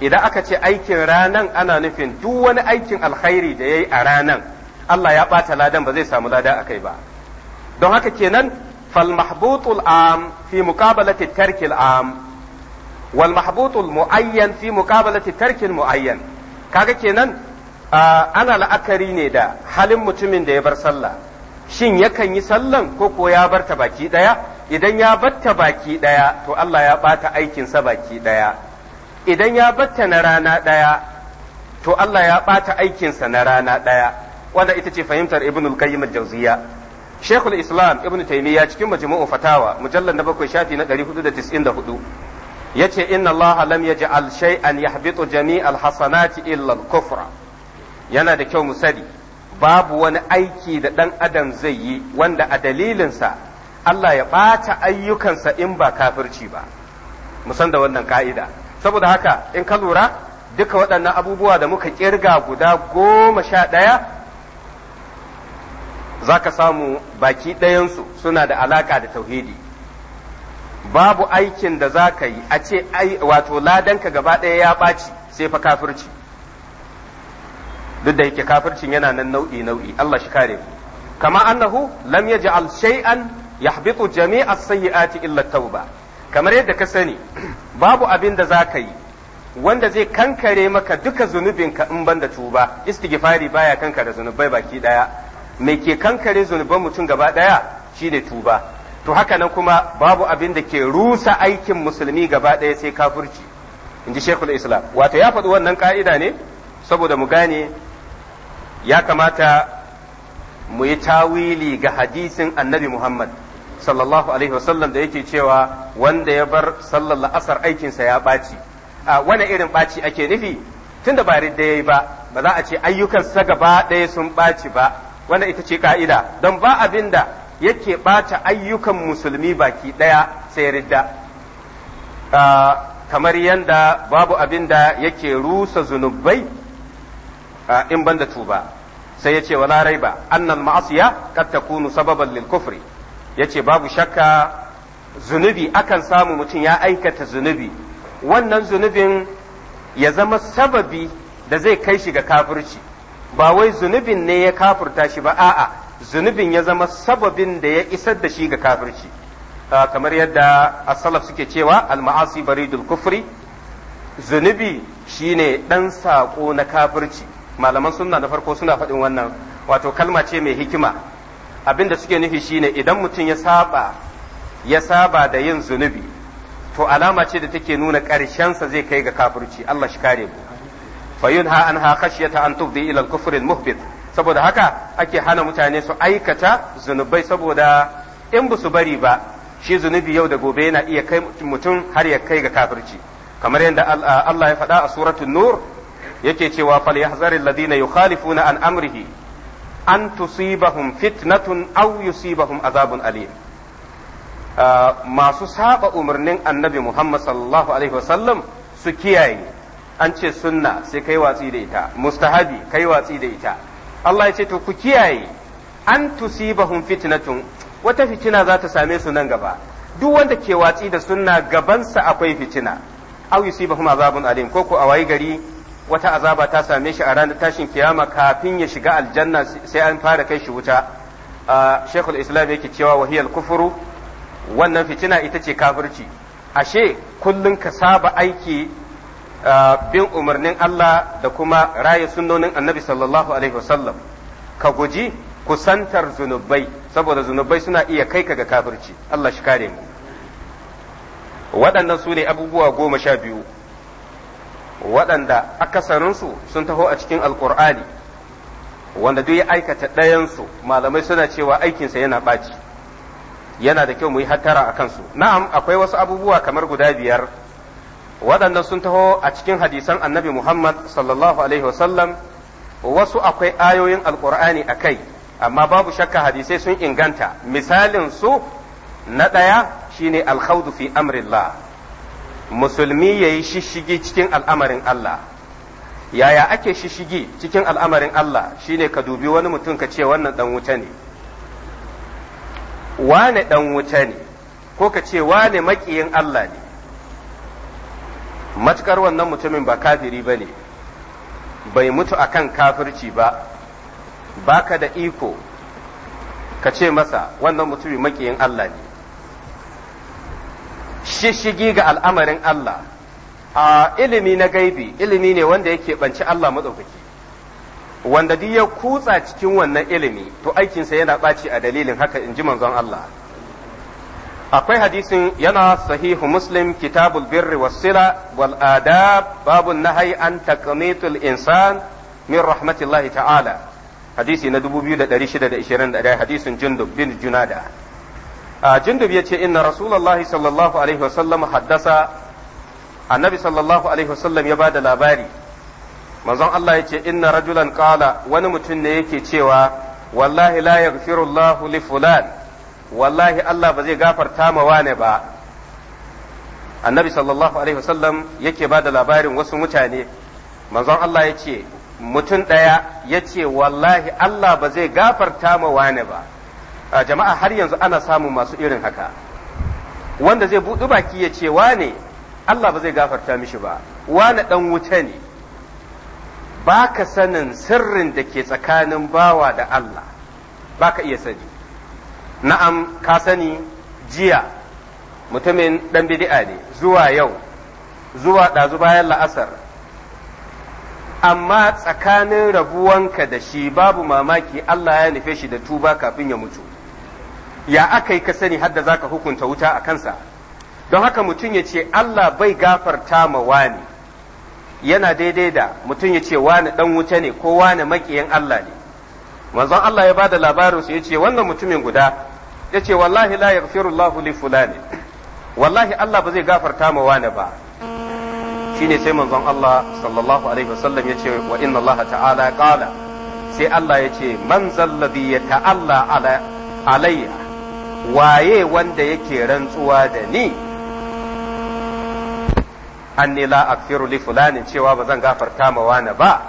idan aka ce aikin ranan ana nufin duk wani aikin alkhairi da ya yi a ranan Allah ya ɓata ladan ba zai samu lada a kai ba don haka kenan فالمحبوط العام في مقابلة الترك العام والمحبوط mu'ayyan. في مقابلة kaga kenan ana la'akari ne da halin mutumin da ya bar sallah shin yakan yi sallan ko ko ya bar ta baki daya idan ya bar ta baki daya to Allah ya ɓata aikinsa baki daya idan ya batta na rana ɗaya to Allah ya ɓata aikinsa na rana ɗaya wanda ita ce fahimtar ibn al-qayyim al-jawziya islam ibn taymiya cikin majmu'u fatawa mujallar na bakwai shafi na 494 ce, inna Allah lam ji shay'an yahbitu jami'al hasanati illa kufra yana da kyau mu babu wani aiki da ɗan adam zai yi wanda a dalilinsa Allah ya ɓata ayyukansa in ba kafirci ba musan da wannan ka'ida saboda haka in ka lura duka waɗannan abubuwa da muka ƙirga guda goma sha ɗaya za ka samu baki ɗayansu suna da alaƙa da tauhidi babu aikin da za ka yi a ce wato ladanka gaba ɗaya ya ɓaci sai fa kafirci duk da yake kafircin yana nan nau'i nau'i Allah shi kare mu kama annahu lam yaj'al shay'an yahbitu jami'a as-sayyi'ati illa at-tauba kamar yadda ka sani babu abin da za ka yi wanda zai kankare maka duka zunubinka in ban da tuba istighfari baya kankare zunubai baki daya me ke kankare zunuban mutum gaba daya shine tuba to haka nan kuma babu abin da ke rusa aikin musulmi gaba daya sai kafirci inji shekul islam wato ya faɗi wannan ka'ida ne saboda mu gane ya kamata mu yi tawili ga hadisin annabi muhammad sallallahu alaihi wasallam da yake cewa wanda ya bar sallar la'asar aikinsa ya ɓaci a wani irin ɓaci ake nufi tunda ba ridda yi ba ba za a ce ayyukansa gaba ɗaya sun ɓaci ba wanda ita ce ka'ida don ba abin da yake ɓata ayyukan musulmi baki ɗaya sai ridda kamar yadda babu abin da yake rusa zunubai in banda tuba sai ya ce wala raiba annal ma'asiya qad takunu sababan lil kufri ya ce babu shakka zunubi akan samu mutum ya aikata zunubi wannan zunubin ya zama sababi da zai kai shi ga kafirci ba wai zunubin ne ya kafurta shi ba a'a zunubin ya zama sababin da ya isar da shi ga kafirci ah, kamar yadda asalaf suke cewa al-ma'asi baridul kufri zunubi shine ɗan sako na kafirci malaman sunna na farko suna faɗin wannan wato kalma ce mai hikima abin da suke nufi shine idan mutum ya saba ya saba da yin zunubi to alama ce da take nuna ƙarshensa zai kai ga kafirci Allah shi kare mu fayunha anha khashyata an tufdi ila al-kufr al-muhbit saboda haka ake hana mutane su aikata zunubai saboda in ba su bari ba shi zunubi yau da gobe yana iya kai mutum har ya kai ga kafirci kamar yadda Allah ya faɗa a suratul nur yake cewa fal yahzaril ladina yukhalifuna an amrihi an tusibahum fitnatun aw yusibahum azabun alim masu saba umarnin annabi Muhammad sallallahu alaihi wasallam su kiyaye an ce sunna sai kai watsi da ita mustahabi kai watsi da ita Allah ya ce to ku kiyaye an tusibahum fitnatun wata fitina za ta same su nan gaba duk wanda ke watsi da sunna gabansa akwai fitina aw yusibahum azabun alim ko ku a wayi gari wata azaba ta same shi a ranar tashin kiyama kafin ya shiga aljanna sai an fara kai shi wuta shekul islam yake cewa wahiyar kufuru wannan fitina ita ce kafirci ashe kullum ka saba aiki bin umarnin Allah da kuma raya sunnonin annabi sallallahu alaihi wasallam ka guji kusantar zunubai saboda zunubai suna iya kai ka ga kafirci Allah shi kare mu waɗannan su ne abubuwa goma sha biyu waɗanda akasarinsu sun taho a cikin alkur'ani wanda duk ya aikata ɗayansu malamai suna cewa aikinsa yana ɓaci yana da kyau mu yi hattara a kansu na'am akwai wasu abubuwa kamar guda biyar waɗannan sun taho a cikin hadisan annabi muhammad sallallahu alaihi wasallam wasu akwai ayoyin alkur'ani a kai amma babu shakka hadisai sun inganta misalin su na ɗaya shine alkhawdu fi amrillah musulmi ya yi shishigi cikin al'amarin Allah yaya ake shishigi cikin al'amarin Allah shine ka dubi wani mutum ka ce wannan dan wuta ne wane dan wuta ne ko ka ce wane makiyin Allah ne Matuƙar wannan mutumin ba kafiri ba ne bai mutu akan kafirci ba baka da iko ka ce masa wannan mutumin makiyin Allah ne shishigi ga al'amarin Allah a ilimi na gaibi ilimi ne wanda yake banci Allah maɗaukaki wanda duk ya kutsa cikin wannan ilimi to aikinsa yana ɓaci a dalilin haka in ji manzon Allah akwai hadisin yana sahihu muslim kitabul birri wasila wal adab babun nahai an taqnitul insan min rahmatillahi ta'ala hadisi na 2621 hadisin jundub bin junada jindub ya ce inna rasulullahi sallallahu alaihi wasallam haddasa annabi sallallahu alaihi wasallam ya bada labari manzon Allah ya ce inna rajulan qala wani mutum ne yake cewa wallahi la yaghfirullahu li fulan wallahi Allah ba zai gafarta ma wane ba annabi sallallahu alaihi wasallam yake bada labarin wasu mutane manzon Allah ya ce mutum ɗaya ya ce wallahi Allah ba zai gafarta ma wane ba a jama'a har yanzu ana samun masu irin haka wanda zai buɗi baki ya ce wane Allah ba zai gafarta mishi ba wane ɗan wuta ne baka sanin sirrin da ke tsakanin bawa da Allah ba ka iya sani na'am ka sani jiya mutumin ɗan bidi'a ne zuwa yau zuwa ɗazu bayan la'asar amma tsakanin rabuwanka da shi babu mamaki Allah ya nufe shi da tuba kafin ya mutu ya aka yi ka sani hadda za ka hukunta wuta a kansa don haka mutum ya ce Allah bai gafarta ma wani yana daidai da mutum ya ce wani dan wuta ne ko wani makiyin Allah ne manzon Allah ya ba da su ya ce wannan mutumin guda ya ce wallahi la yaghfirullahu li fulani wallahi Allah ba zai gafarta ma wani ba shine sai manzon Allah sallallahu alaihi wasallam ya ce wa inna Allah ta'ala qala sai Allah ya ce man zalladhi ya ta'alla alayya waye wanda yake rantsuwa da ni anni la akfiru li fulani cewa ba zan gafarta ma wani ba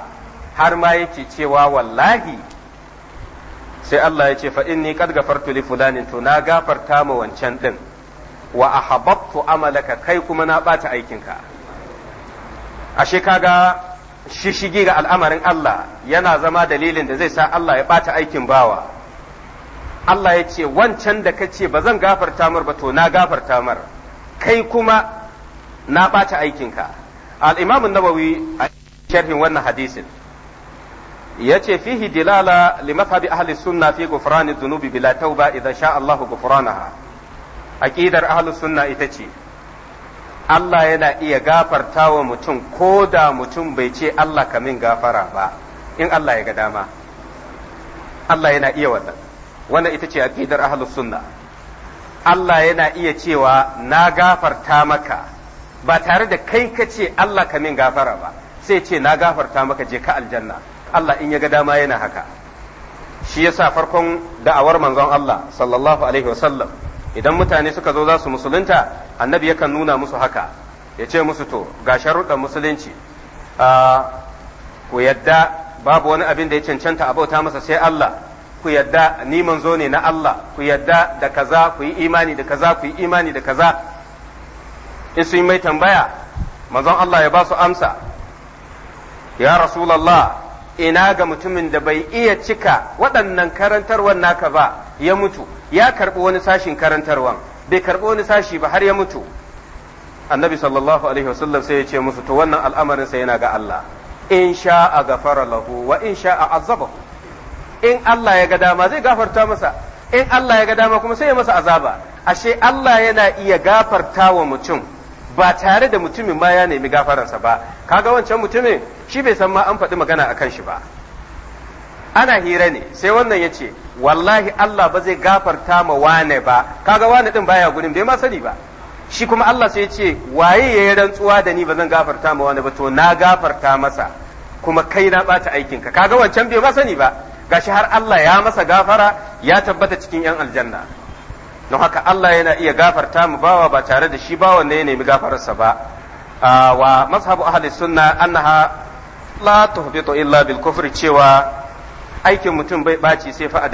har ma yake cewa wallahi sai Allah ya ce fa inni qad gafartu li fulani to na gafarta ma wancan din wa ahabbtu amalaka kai kuma na bata aikinka ashe kaga shishigi ga al'amarin Allah yana zama dalilin da zai sa Allah ya bata aikin bawa Allah ya ce wancan da ka ce ba zan gafarta mar ba to na gafarta mar kai kuma na ɓata aikinka al-imam nawawi a sharhin wannan hadisin ya ce fihi dilala li mazhabi ahli sunna fi gufrani dhunubi bila tauba idan sha Allah gufranaha aqidar ahli sunna ita ce Allah yana iya gafarta wa mutum ko da mutum bai ce Allah kamin gafara ba in Allah ya ga dama Allah yana iya wannan wannan ita ce aqidar ahlus sunna Allah yana iya cewa na gafarta maka ba tare da kai ka ce Allah ka min gafara ba sai ce na gafarta maka je ka aljanna Allah in ya ga dama yana haka shi yasa farkon da'awar manzon Allah sallallahu alaihi wasallam idan mutane suka zo za su musulunta annabi yakan nuna musu haka ya ce musu to ga sharuɗan musulunci ah, ku yadda babu wani abin da ya cancanta abauta masa sai Allah ku yadda ni manzo ne na Allah ku yadda da kaza ku yi imani da kaza ku yi imani da kaza in sun yi mai tambaya manzon Allah ya ba su amsa ya rasulallah ina ga mutumin da bai iya cika waɗannan karantarwan naka ba ya mutu ya karɓi wani sashin karantarwan bai karɓi wani sashi ba har ya mutu annabi sallallahu alaihi wasallam sai ya ce musu to wannan al'amarin sai yana ga Allah in sha a gafara lahu wa in a azabahu in Allah ya ga dama zai gafarta masa in Allah ya ga dama kuma sai ya masa azaba ashe Allah yana iya gafarta wa mutum ba tare da mutumin ma ya nemi gafaransa ba kaga wancan mutumin shi bai san ma an faɗi magana akan shi ba ana hira ne sai wannan ya ce wallahi Allah ba zai gafarta ma wane ba kaga wane din baya gurin bai ma sani ba shi kuma Allah sai ya ce waye yayi rantsuwa da ni ba zan gafarta ma wane ba to na gafarta masa kuma kai na bata aikinka kaga wancan bai ma sani ba gashi har Allah ya masa gafara ya tabbata cikin 'yan aljanna don haka Allah yana iya gafarta mu bawa ba tare da shi bawan ne ya nemi gafararsa ba wa mazhabu ahli sunna annaha la tuhbitu illa bil kufri cewa aikin mutum bai baci sai fa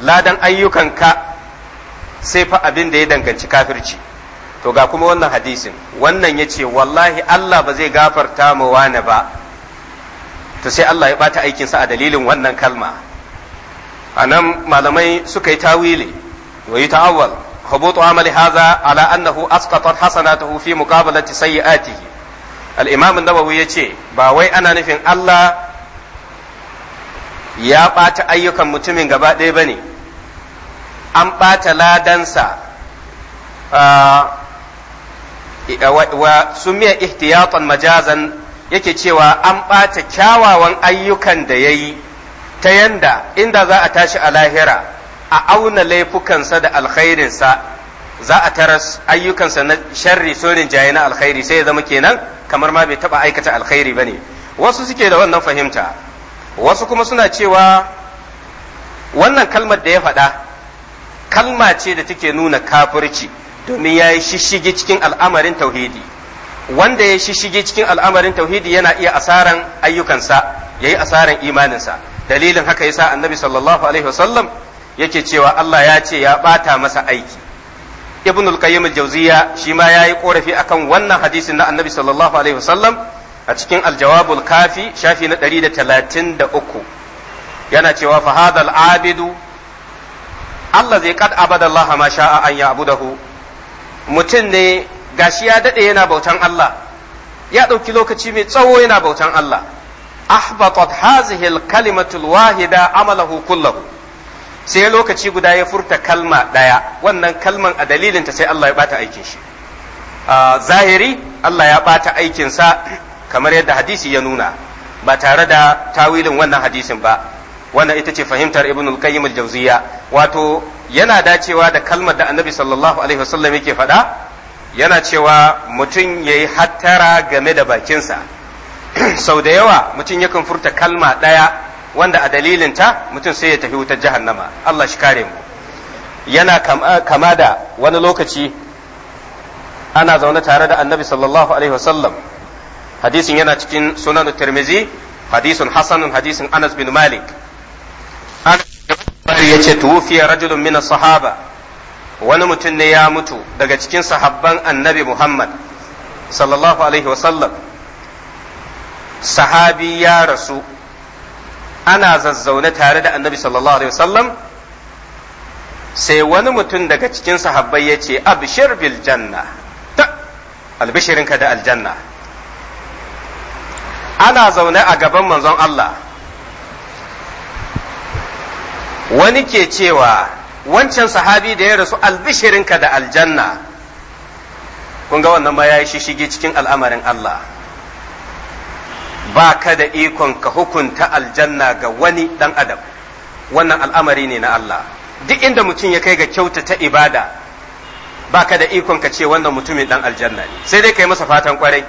ladan ayyukanka sai fa abin da ya danganci kafirci to ga kuma wannan hadisin wannan ya ce wallahi Allah ba zai gafarta mu wani ba to sai Allah ya bata aikinsa a dalilin wannan kalma a nan malamai suka yi tawili wa yi ta'awwal hubutu amali haza ala annahu asqata hasanatahu fi muqabalati sayyi'atihi al-imam an-nawawi yace ba wai ana nufin Allah ya bata ayyukan mutumin gaba ɗaya bane an ɓata ladansa uh, wa sumiya ihtiyatan majazan yake cewa an ɓata kyawawan ayyukan da ya yi ta yanda inda za a tashi a lahira a auna laifukansa da alkhairinsa za a taras ayyukansa na sharri sonin jaye na alkhairi sai ya zama kenan kamar ma bai taba aikata alkhairi ba ne wasu suke da wannan fahimta wasu kuma suna cewa wannan kalmar da ya faɗa kalma ce da take nuna kafirci domin ya yi shishige cikin al'amarin tauhidi wanda ya shishige cikin al'amarin tauhidi yana iya asaran ayyukansa ya yi asaran imaninsa dalilin haka yasa annabi sallallahu alaihi wasallam yake cewa Allah ya ce ya bata masa aiki ibn al-qayyim al-jawziya shi ma yayi korafi akan wannan hadisin na annabi sallallahu alaihi wasallam a cikin al-jawabul kafi shafi na 133 yana cewa fa hadal abidu Allah zai kad abada Allah ma sha'a an ya abudahu mutum ne gashi ya dade yana bautan Allah ya ɗauki lokaci mai tsawo yana bautan Allah ahbatat hazihi al-kalimatu wahida amalahu kullahu sai lokaci guda ya furta kalma daya wannan kalman a dalilin ta sai Allah ya bata aikin shi zahiri Allah ya bata aikin sa kamar yadda hadisi ya nuna ba tare da tawilin wannan hadisin ba wannan ita ce fahimtar ibn al-qayyim al wato yana dacewa da kalmar da annabi sallallahu alaihi wasallam yake faɗa yana cewa mutum yayi hattara game da bakinsa sau da yawa mutum yakan furta kalma ɗaya wanda a dalilinta mutum sai ya tafi wutar jahannama Allah shi kare mu yana eh, kama da wani lokaci ana zaune tare da annabi sallallahu alaihi wasallam hadisin yana cikin sunan tirmizi hadisun hasanun hadisin anas bin malik ya ce tuwufiya rajulun mina sahaba wani mutum ne ya mutu daga cikin sahabban annabi muhammad sallallahu alaihi wasallam sahabi ya rasu ana zazzaune tare da annabi sallallahu alaihi wasallam sai wani mutum daga cikin sahabbai ya ce Abishir bil janna ta albishirinka da aljanna ana zaune a gaban manzon Allah wani ke cewa wancan sahabi da ya rasu albishirinka da aljanna kun ga wannan ma ya yi shishigi cikin al'amarin Allah ba ka da ikon ka hukunta aljanna ga wani dan adam wannan al'amari ne na Allah duk inda mutum ya kai ga kyautata ibada ba ka da ikon ka ce wannan mutumin dan aljanna ne sai dai ka yi masa fatan kwarai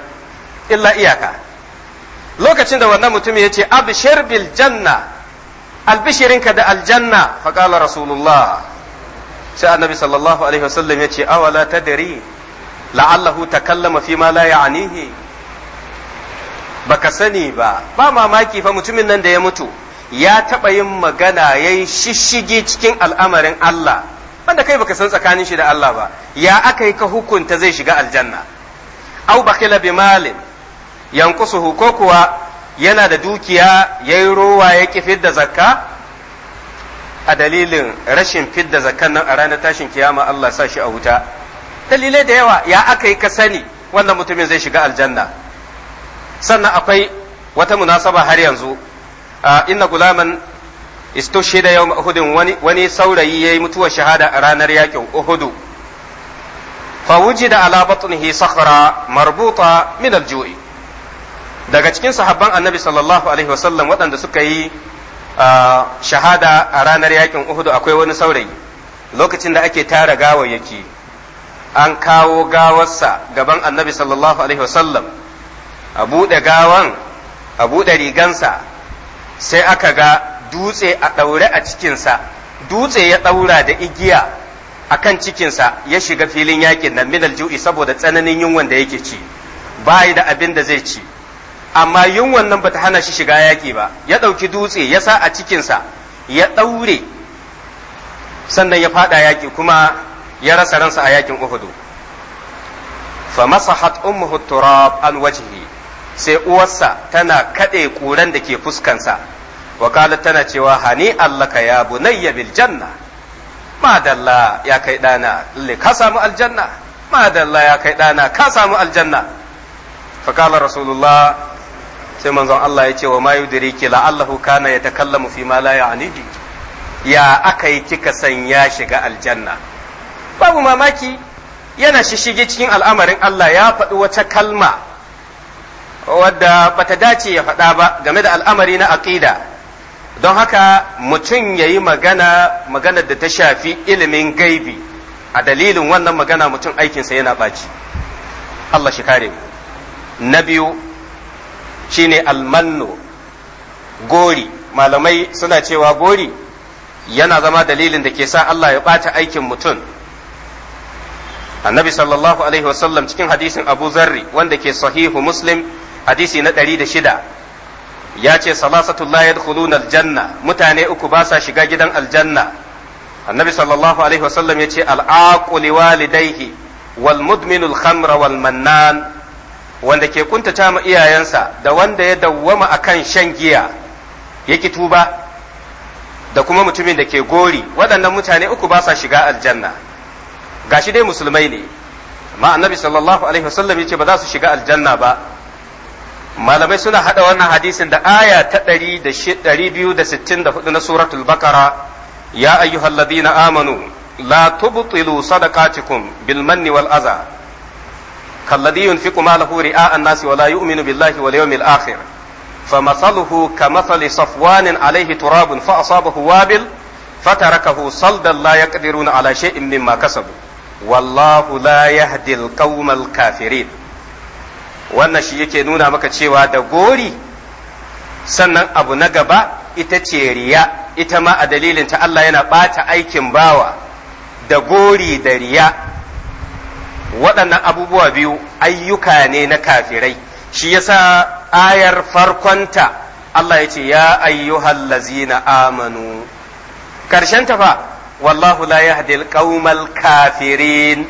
illa iyaka lokacin da wannan mutum ya ce abshir bil janna albishirinka da aljanna faƙala rasulullah sai annabi sallallahu alaihi wasallam ya ce awala tadri la'allahu takallama fi ma la ya'nihi baka sani ba ba mamaki fa mutumin nan da ya mutu ya taɓa yin magana yayi yi shishigi cikin al'amarin Allah wanda kai baka san tsakanin shi da Allah ba ya aka yi ka hukunta zai shiga aljanna aw bakila bi malin yankusuhu ko kuwa yana da dukiya ya yi rowa ya ƙi fidda zakka a dalilin rashin fidda zakkan nan a ranar tashin kiyama Allah sa shi a wuta dalilai da yawa ya aka yi ka sani wannan mutumin zai shiga aljanna sannan akwai wata munasaba har yanzu inna gulaman istushida da uhudin wani wani saurayi yi mutuwar shahada a ranar yakin uhudu fa wuji da alabatun sakhra marbuta min alju'i daga cikin sahabban annabi sallallahu alaihi wasallam waɗanda suka yi shahada a ranar yakin uhudu akwai wani saurayi lokacin da ake tara gawayyaki an kawo gawarsa gaban annabi sallallahu alaihi wasallam a buɗe gawan a buɗe rigansa sai aka ga dutse a ɗaure a cikinsa dutse ya ɗaura da igiya a kan cikinsa ya shiga filin yakin nan minal ju'i saboda tsananin yunwan da yake ci bayi da abin da zai ci amma yunwan nan bata hana shi shiga yaƙi ba ya ɗauki dutse ya sa a cikinsa ya ɗaure sannan ya faɗa yaƙi kuma ya rasa ransa a yaƙin uhudu fa masahat ummuhu turab an wajhi sai uwarsa tana kaɗe ƙuran da ke fuskansa wakala tana cewa hani allaka ya bunayya bil janna madalla ya kai ɗana lalle ka samu aljanna madalla ya kai ka samu aljanna فقال رسول sai manzon Allah ya ce wa mayu diriki la'allahu kana ya takallamu fi ma la ya'nihi ya aka yi kika ya shiga aljanna babu mamaki yana shishige cikin al'amarin Allah ya faɗi wata kalma wadda bata dace ya faɗa ba game da al'amari na aqida don haka mutum ya yi magana maganar da ta shafi ilimin gaibi a dalilin wannan magana mutum aikinsa yana ɓaci Allah shi kare na biyu shine almannu gori malamai suna cewa gori yana zama dalilin da ke sa Allah ya ɓata aikin mutum annabi sallallahu alaihi wasallam cikin hadisin abu zarri wanda ke sahihu muslim hadisi na ɗari da shida ya ce salasatu la aljanna mutane uku ba sa shiga gidan aljanna annabi sallallahu alaihi wasallam ya ce al'aqu liwalidayhi wal mudminul khamra wal mannan wanda ke kuntata ma iyayensa da wanda ya dawwama akan shan giya yaki tuba da kuma mutumin da ke gori waɗannan mutane uku ba sa shiga aljanna gashi dai musulmai ne amma annabi sallallahu alaihi wasallam ya ce ba za su shiga aljanna ba malamai suna hada wannan hadisin da aya ta 264 na suratul bakara ya ayyuhalladhina amanu la tubtilu sadaqatikum bil manni wal azaa kalladhi yunfiqu malahu ri'a an yu'minu billahi فمثله كمثل صفوان عليه تراب فأصابه وابل فتركه صلدا لا يقدرون على شيء مما كسبوا والله لا يهدي القوم الكافرين wannan shi yake nuna maka cewa da gori sannan abu na gaba ita ce riya ita ma a dalilin ta Allah yana ɓata aikin bawa da gori da riya waɗannan abubuwa biyu ayyuka ne na kafirai shi yasa ayar farkonta Allah ya ce ya ayyuhal na amanu karshen ta fa wallahu la yahdil qaumal kafirin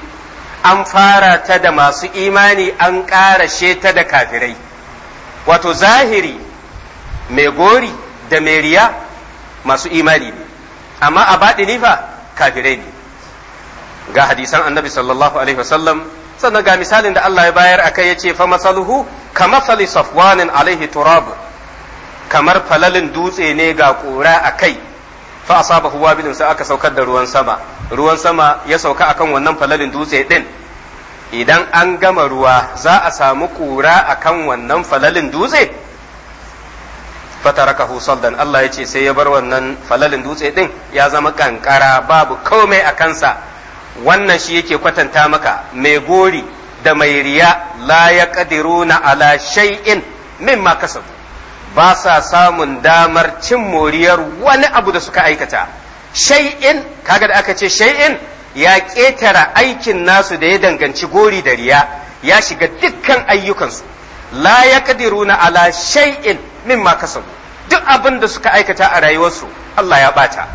an fara ta da masu imani an ƙarashe ta da kafirai wato zahiri mai gori da mai riya masu imani amma a baɗini fa kafirai ga hadisan annabi sallallahu alaihi wasallam sannan ga misalin da Allah ya bayar akai yace fa masaluhu kama fali safwanin alaihi turab kamar falalin dutse ne ga kura akai fa asabahu wabilin sai aka saukar da ruwan sama ruwan sama ya sauka akan wannan falalin dutse din idan an gama ruwa za a samu kura akan wannan falalin dutse fatarakahu saldan Allah ya ce sai ya bar wannan falalin dutse din ya zama kankara babu komai a kansa wannan shi yake kwatanta maka mai gori da mai riya la ya na ala shay'in ma kasabu ba sa samun damar cin moriyar wani abu da suka aikata shay'in kaga da aka ce shay'in ya ƙetara aikin nasu da ya danganci gori da riya ya shiga dukkan ayyukansu la ya na ala shay'in ma kasabu duk abin da suka aikata a rayuwarsu Allah ya bata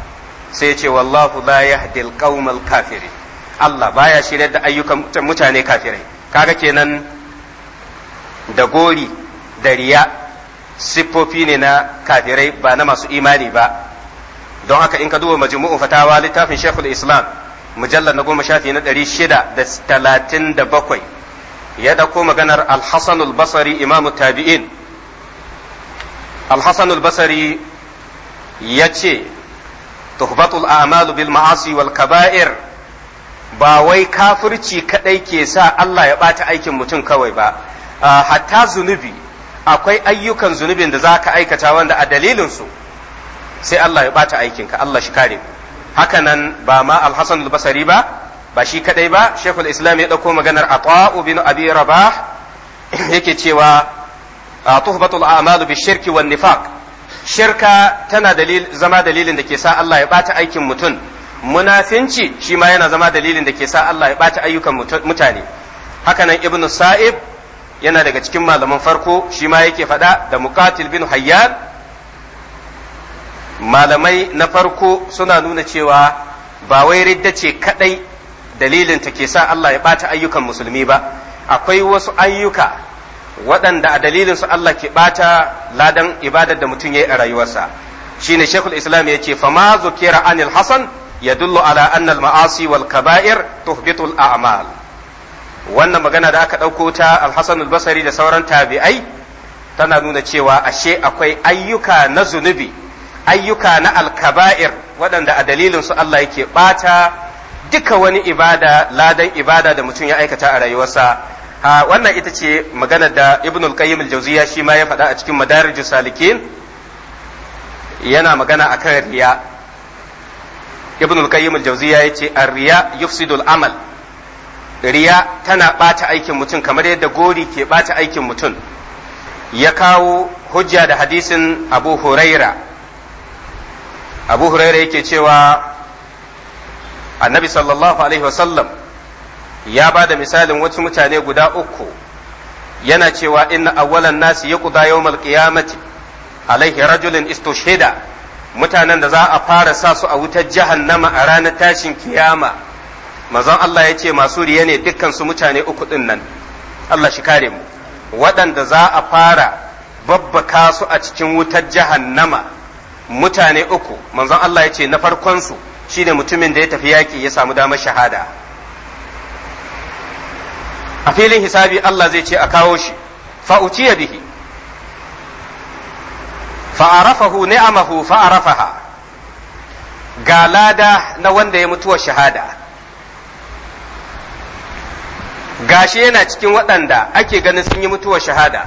sai ya ce wallahu la yahdil qaumal kafirin Allah baya shiryar da ayyukan mutane kafirai kaga kenan da gori da riya siffofi ne na kafirai ba na masu imani ba don haka in ka duba majmu'u fatawa littafin Sheikhul Islam mujallar na goma shafi na ɗari shida da talatin da bakwai ya dauko maganar al-Hasan al-Basri imamu tabi'in al-Hasan al-Basri ya ce tuhbatul a'malu bil ma'asi wal kaba'ir ba wai kafirci kadai ke sa Allah ya bata aikin mutum kawai ba ah, hatta zunubi akwai ayyukan zunubin da zaka aikata wanda a dalilin su sai Allah ya bata aikinka Allah shi kare haka nan ba ma al-Hasan al-Basri ba ba shi kadai ba Sheikhul Islam ya ɗauko maganar Ata'u bin Abi Rabah yake cewa ah, tuhbatul a'malu shirki wan nifaq shirka tana dalil zama dalilin da ke sa Allah ya bata aikin mutum munafinci shi ma yana zama dalilin da ke sa Allah ya ɓata ayyukan mutane hakanan ibn sa'ib yana daga cikin malaman farko shi ma yake faɗa da muqatil bin hayyan malamai na farko suna nuna cewa ba wai ridda ce kadai dalilin ta ke sa Allah ya ɓata ayyukan musulmi ba akwai wasu ayyuka waɗanda a dalilin su Allah ke ɓata ladan ibadar da mutum ya yi a rayuwarsa shine shekul islam ya ce fama zukira anil hasan Ya yadullu ala anna maasi wal kaba'ir tuhbitu al-a'mal wannan magana da aka ɗauko ta al Basari da sauran tabi'ai tana nuna cewa ashe akwai ayyuka na zunubi ayyuka na al-kaba'ir waɗanda a dalilin su Allah yake ɓata duka wani ibada ladan ibada da mutum ya aikata a rayuwarsa wannan ita ce maganar da Ibn al-Qayyim al shi ma ya faɗa a cikin Madarijus Salikin yana magana akan riya ibn al-qayyim al-jawziya yace ar-riya yufsidu al-amal riya tana bata aikin mutum kamar yadda gori ke bata aikin mutum ya kawo hujja da hadisin abu huraira abu huraira yake cewa annabi sallallahu alaihi wasallam ya ba da misalin wasu mutane guda uku yana cewa inna awwalan nasi yaqda yawmal qiyamati alaihi rajulin istushida mutanen da za a fara sa su a wutar jahannama a ranar tashin kiyama mazan Allah ya ce masu riya ne dukkan su mutane uku din nan Allah shi kare mu waɗanda za a fara babbaka su a cikin wutar jahannama mutane uku manzon Allah ya ce na farkon su ne mutumin da ya tafi yaki ya samu damar shahada a filin hisabi Allah zai ce a kawo shi fa'uciya bihi فعرفه نعمه فعرفها ga lada na wanda ya mutuwa shahada gashi yana cikin waɗanda ake ganin sun yi mutuwa shahada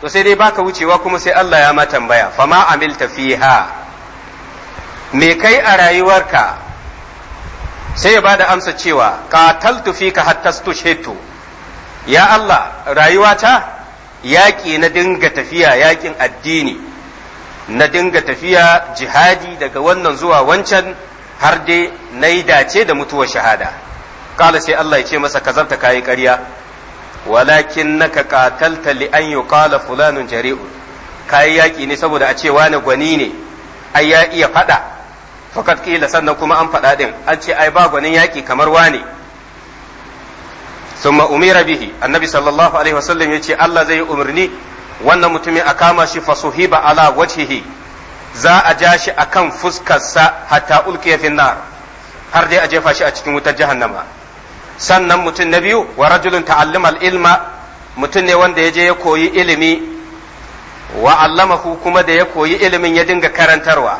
to sai dai baka wucewa kuma sai Allah ya ma tambaya fama amilta fiha me kai a rayuwarka sai ya bada amsa cewa qataltu fika hatta stushhitu ya Allah rayuwata yaƙi na dinga tafiya yaƙin addini na dinga tafiya jihadi daga wannan zuwa wancan har dai na yi dace da mutuwar shahada kala sai Allah ya ce masa ka zarta kayi ƙarya walakin ka qatalta li an kala fulanun jari'u kayi yaƙi ne saboda a ce wani gwani ne ai ya iya faɗa fakat kila sannan kuma an faɗa ɗin an ce ai ba gwanin yaƙi kamar wani summa umira bihi annabi sallallahu alaihi wasallam ce Allah zai yi umarni wannan mutumin a kama shi fasuhiba ala wajhihi za a ja shi a kan fuskarsa hatta ulqiya fi nar har dai a jefa shi a cikin wutar jahannama sannan mutum na biyu wa rajulun ta'allama al-ilma mutum ne wanda ya je ya koyi ilimi wa allamahu kuma da ya koyi ilimin ya dinga karantarwa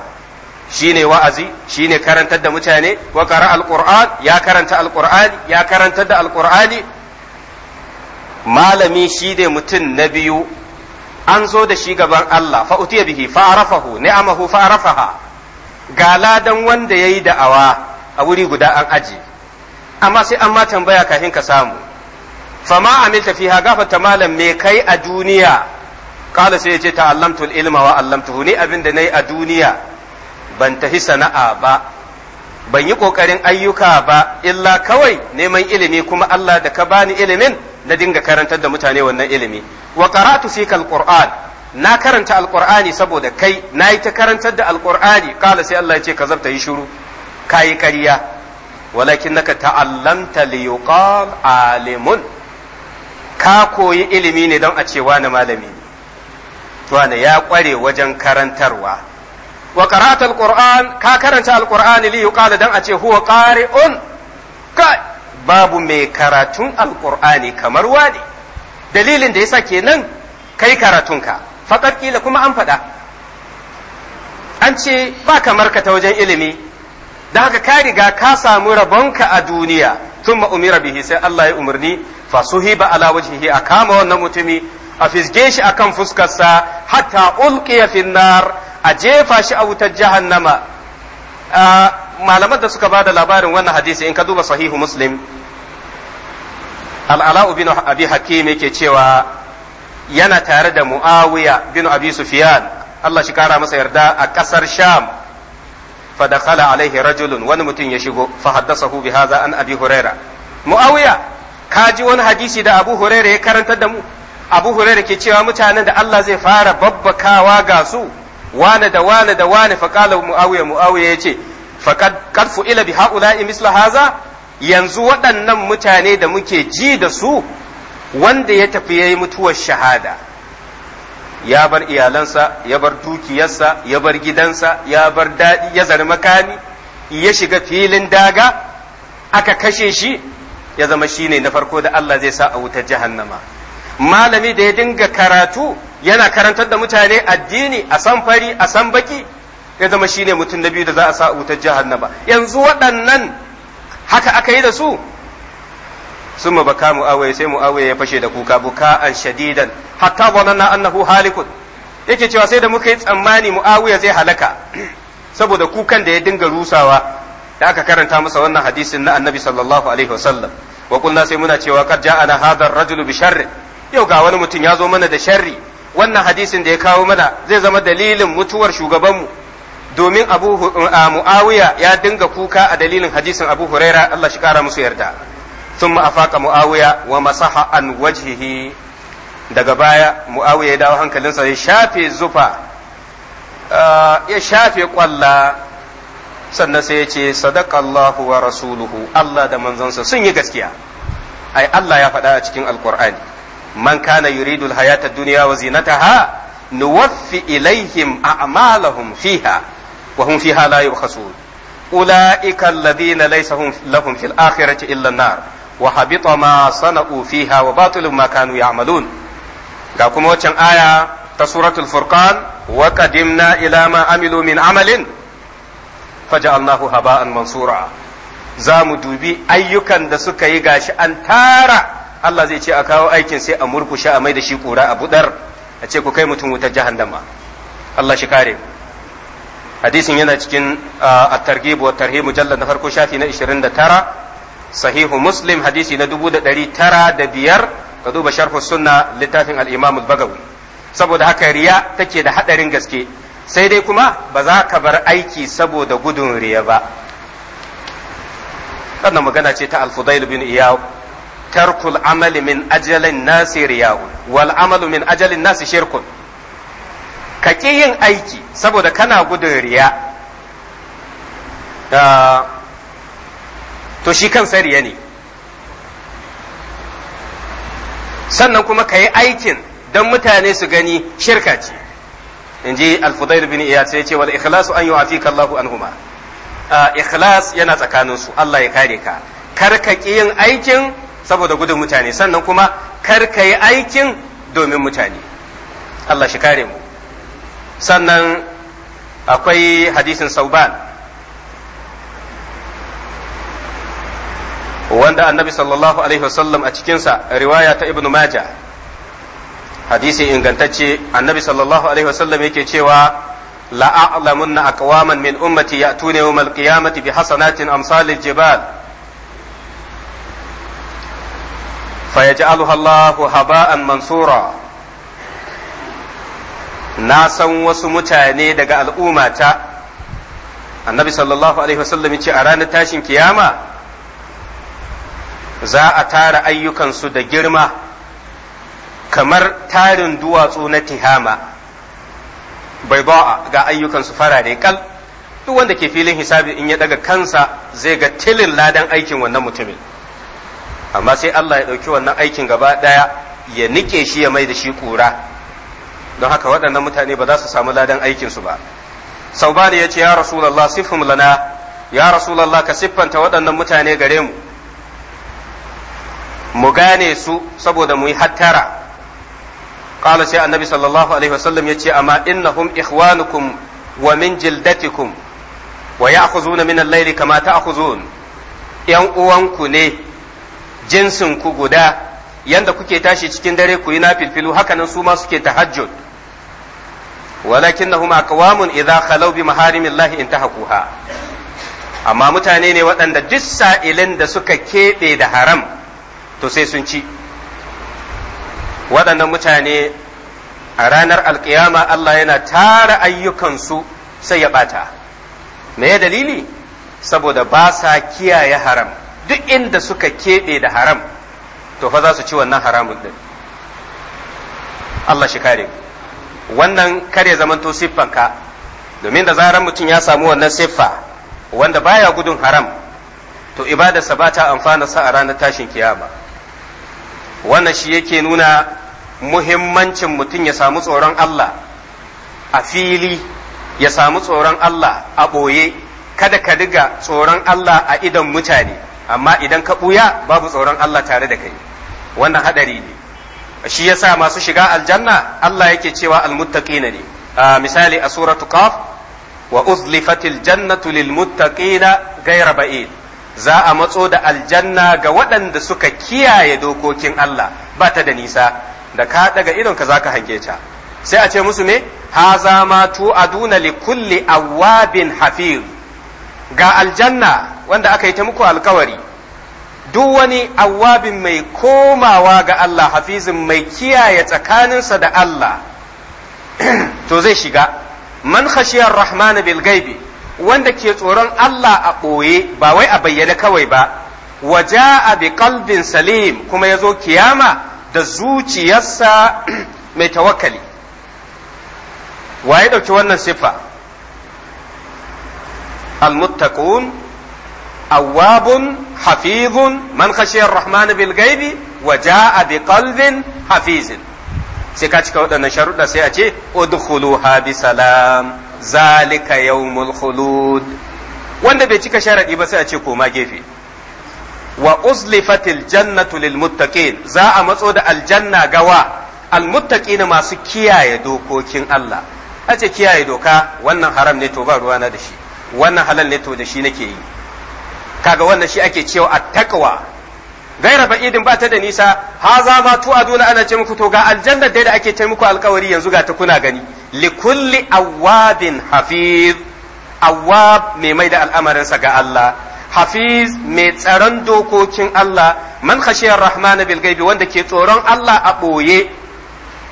shine wa'azi shine karantar da mutane wa qara al-qur'an ya karanta al-qur'ani ya karantar da al-qur'ani malami shi ne mutum na biyu an zo da shi gaban Allah fa utiya bihi fa arafahu ni'amahu fa arafaha ga ladan wanda yayi da'awa a wuri guda an aje amma sai an ma tambaya kafin ka samu fama amilta fiha gafata malam me kai a duniya kala sai yace ta'allamtu al-ilma wa allamtuhu ni abin da nayi a duniya ban tahi sana'a ba ban yi ƙoƙarin ayyuka ba illa kawai neman ilimi kuma Allah da ka bani ilimin na dinga karantar da mutane wannan ilimi wa qara'tu fika alquran na karanta alqur'ani saboda kai na yi ta karantar da alqur'ani kala sai Allah ya ce ka yi shiru kai karya walakin naka ta'allamta li yuqal alimun ka koyi ilimi ne don a ce wani malami ne wani ya ƙware wajen karantarwa wa qara'at alquran ka karanta alqur'ani li yuqala dan a ce huwa qari'un ka babu mai karatun alqur'ani kamar wani dalilin da yasa kenan kai karatunka faqat kila kuma an faɗa an ce ba kamar ka ta wajen ilimi da haka ka riga ka samu rabonka a duniya tun umira bihi sai Allah ya umarni fasuhiba ala wajhihi a kama wannan mutumi a fisge shi akan fuskarsa hatta ulqiya finnar a jefa shi a wutar jahannama malaman da suka ba da labarin wannan hadisi in ka duba sahihu muslim al'ala'u bin abi hakim yake cewa yana tare da mu'awiya bin abi Allah shi kara masa yarda a ƙasar sham fa alaihi rajulun wani mutum ya shigo fa haddasahu bi an abi huraira mu'awiya ka ji wani hadisi da abu huraira ya karantar da mu abu huraira ke cewa mutanen da Allah zai fara babbakawa ga su wane da wane da wane faƙala mu'awiya mu'awiya ya ce faƙad karfu ila bi haula'i misla haza yanzu waɗannan mutane da muke ji da su wanda ya tafi ya yi mutuwar shahada ya bar iyalansa ya bar dukiyarsa ya bar gidansa ya bar daɗi ya zari makami ya shiga filin daga aka kashe shi ya zama shine na farko da Allah zai sa a wutar jahannama malami da ya dinga karatu yana karantar da mutane addini a san fari a san baki ya zama shine mutum na biyu da za a sa wutar jahannama yanzu waɗannan haka aka yi da su sun ma baka mu'awaye sai mu'awaye ya fashe da kuka an shadidan hatta zananna annahu halikun yake cewa sai da muka yi tsammani mu'awiya zai halaka saboda kukan da ya dinga rusawa da aka karanta masa wannan hadisin na annabi sallallahu alaihi wasallam wa kullu sai muna cewa qad ja'ana hadha ar-rajulu bi sharri yau ga wani mutum ya zo mana da sharri wannan hadisin da ya kawo mana zai zama dalilin mutuwar shugabanmu domin abu uh, uh, muawiya ya dinga kuka a dalilin hadisin abu huraira Allah shi kara musu yarda thumma afaqa muawiya wa masaha an wajhihi daga baya muawiya ya dawo hankalinsa ya shafe zufa uh, ya shafe kwalla sannan sai ya ce sadakallahu wa rasuluhu Allah da manzansa sun yi gaskiya ai Allah ya faɗa a cikin alkur'ani Manka na yuridu al-hayata ad-dunya wa zinataha nuwaffi ilaihim a'malahum fiha wa hum fiha la yubkhasun ulaika alladhina laysa lahum fil akhirati illa an-nar wa habita ma sana'u fiha wa batilu ma kanu ya'malun ga kuma waccan aya ta suratul furqan wa qadimna ila ma amilu min amalin faja'alnahu haba'an mansura za mu dubi ayyukan da suka yi gashi an tara Allah zai ce a kawo aikin sai a murkushe a mai da shi kura a budar a ce ku kai mutum wutar jahannama Allah shi kare hadisin yana cikin at-targhib wa tarhib mujallad na farko shafi na 29 sahihu muslim hadisi na 1905 ka duba sharh sunna littafin al-imam al-bagawi saboda haka riya take da hadarin gaske sai dai kuma ba za ka bar aiki saboda gudun riya ba wannan magana ce ta al-fudail bin iyaw tarkul amali min ajalin nasi riya'un wal amalu min ajalin nasi shirkun ka ƙi yin aiki saboda kana gudun riya to shi kansa riya ne sannan kuma ka yi aikin don mutane su gani shirka ce in ji alfudayr bin iya sai ce wal ikhlasu an yu'afika Allahu anhuma ah, ikhlas yana tsakaninsu Allah ya kare ka kar ka ƙi yin aikin saboda gudun mutane sannan kuma kar ka yi aikin domin mutane Allah shi kare mu sannan akwai hadisin sauban wanda annabi sallallahu alaihi wasallam a cikinsa riwaya ta ibnu maja hadisi ingantacce annabi sallallahu alaihi wasallam yake cewa la'a'lamunna aqwaman min ummati ya'tuna yawmal qiyamati bi hasanatin amsalil jibal fayaj'aluha Allahu haba'an mansura na san wasu mutane daga al'umma ta. annabi sallallahu alaihi wasallam ce a ranar tashin kiyama za a tara ayyukansu da girma kamar tarin duwatsu na tihama bai ga ayyukansu farare kal duk wanda ke filin hisabi in ya daga kansa zai ga tilin ladan aikin wannan mutumin amma sai Allah ya ɗauki wannan aikin gaba ɗaya ya nike shi ya mai da shi ƙura don haka waɗannan mutane ba za su samu ladan aikinsu ba Sau ba ya ce ya rasulallah siffin lana ya rasulallah ka siffanta waɗannan mutane gare mu mu gane su saboda mu yi hattara قال سي النبي صلى الله عليه وسلم يتي أما إنهم إخوانكم ومن جلدتكم ويأخذون من الليل كما تأخذون ‘yan uwanku ne jinsin ku guda yanda kuke tashi cikin dare ku yi nafilfilu hakanan su ma suke tahajjud walakinnahum aqwamun idza khalaw bi maharimillahi intahaquha amma mutane ne waɗanda duk sa'ilin da suka keɓe da haram to sai sun ci waɗannan mutane a ranar alkiyama Allah yana tara ayyukansu sai ya ɓata me dalili saboda ba sa kiyaye haram duk inda suka keɓe da haram to fa za su ci wannan haramun din Allah shi kare wannan kare zamanto siffanka domin da zarar mutum ya samu wannan siffa wanda baya gudun haram to ibadarsa ba ta amfana sa a ranar tashin kiyama wannan shi yake nuna muhimmancin mutum ya samu tsoron Allah a fili ya samu tsoron Allah a ɓoye kada ka diga tsoron Allah a idon mutane amma idan ka ɓuya babu tsoron Allah tare da kai wannan hadari ne shi yasa masu shiga aljanna Allah yake cewa almuttaqina ne misali a suratu qaf wa uzlifatil jannatu lilmuttaqina ghayra ba'id za a matso da aljanna ga waɗanda suka kiyaye dokokin Allah ba ta da nisa da ka daga ka zaka hange ta sai a ce musu me haza ma aduna li kulli awabin hafiz ga aljanna wanda aka yi ta muku alkawari duk wani awabin mai komawa ga Allah hafizin mai kiyaye tsakaninsa da Allah to zai shiga man khashiyar Rahman bil gaibi wanda ke tsoron Allah a ɓoye ba wai a bayyane kawai ba waja a bi kalbin salim kuma ya zo kiyama da zuciyarsa mai tawakkali waye ɗauki wannan siffa al-muttaqun awwabun hafizun man khashiyar rahmanu bil wa ja'a bi qalbin hafizin sai ka cika waɗannan sharuɗa sai a ce udkhuluha bi salam zalika yawmul khulud wanda bai cika sharaɗi ba sai a ce koma gefe wa uzlifatil jannatu lil muttaqin za a matso da aljanna gawa al muttaqina masu kiyaye dokokin Allah a ce kiyaye doka wannan haram ne ne to da shi nake yi kaga wannan shi ake cewa a takwa. gaira ba'idin ba ta da nisa za ma tu aduna ana ce muku to ga aljannar dai da ake ce muku alkawari yanzu ga ta kuna gani li kulli awabin hafiz awab mai mai da al'amarinsa ga Allah hafiz mai tsaron dokokin Allah man khashiyar rahmana bil gaibi wanda ke tsoron Allah a boye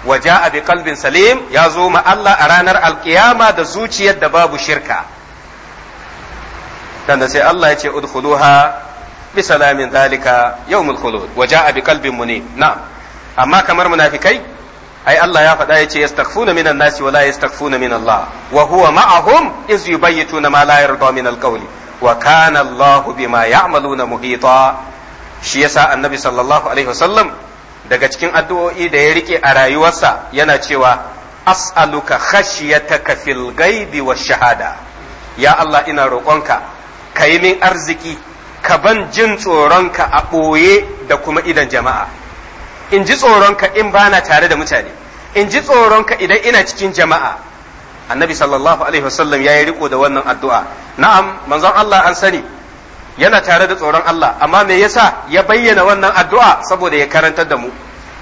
Waje bi qalbin salim ya zo ma Allah a ranar alkiyama da zuciyar da babu shirka na sai Allah ya ce udkhuluha bi salamin zalika yawmul khulud wa jaa bi qalbin munib na'am amma kamar munafikai ai Allah ya faɗa ya ce yastaghfuna minan nasi wa la yastaghfuna min Allah wa huwa ma'ahum iz yubayyituna ma la yarda min alqawli wa kana Allahu bima ya'maluna muhita shi yasa annabi sallallahu alaihi wasallam daga cikin addu'o'i da ya rike a rayuwarsa yana cewa as'aluka khashyataka fil ghaibi wash shahada ya Allah ina roƙonka ka yi min arziki ka ban jin tsoronka a ɓoye da kuma idan jama'a in ji tsoronka in bana tare da mutane in ji tsoronka idan ina cikin jama'a annabi sallallahu alaihi wasallam ya yi riko da wannan addu'a na'am manzon Allah an sani yana tare da tsoron Allah amma me yasa ya bayyana wannan addu'a saboda ya karantar da mu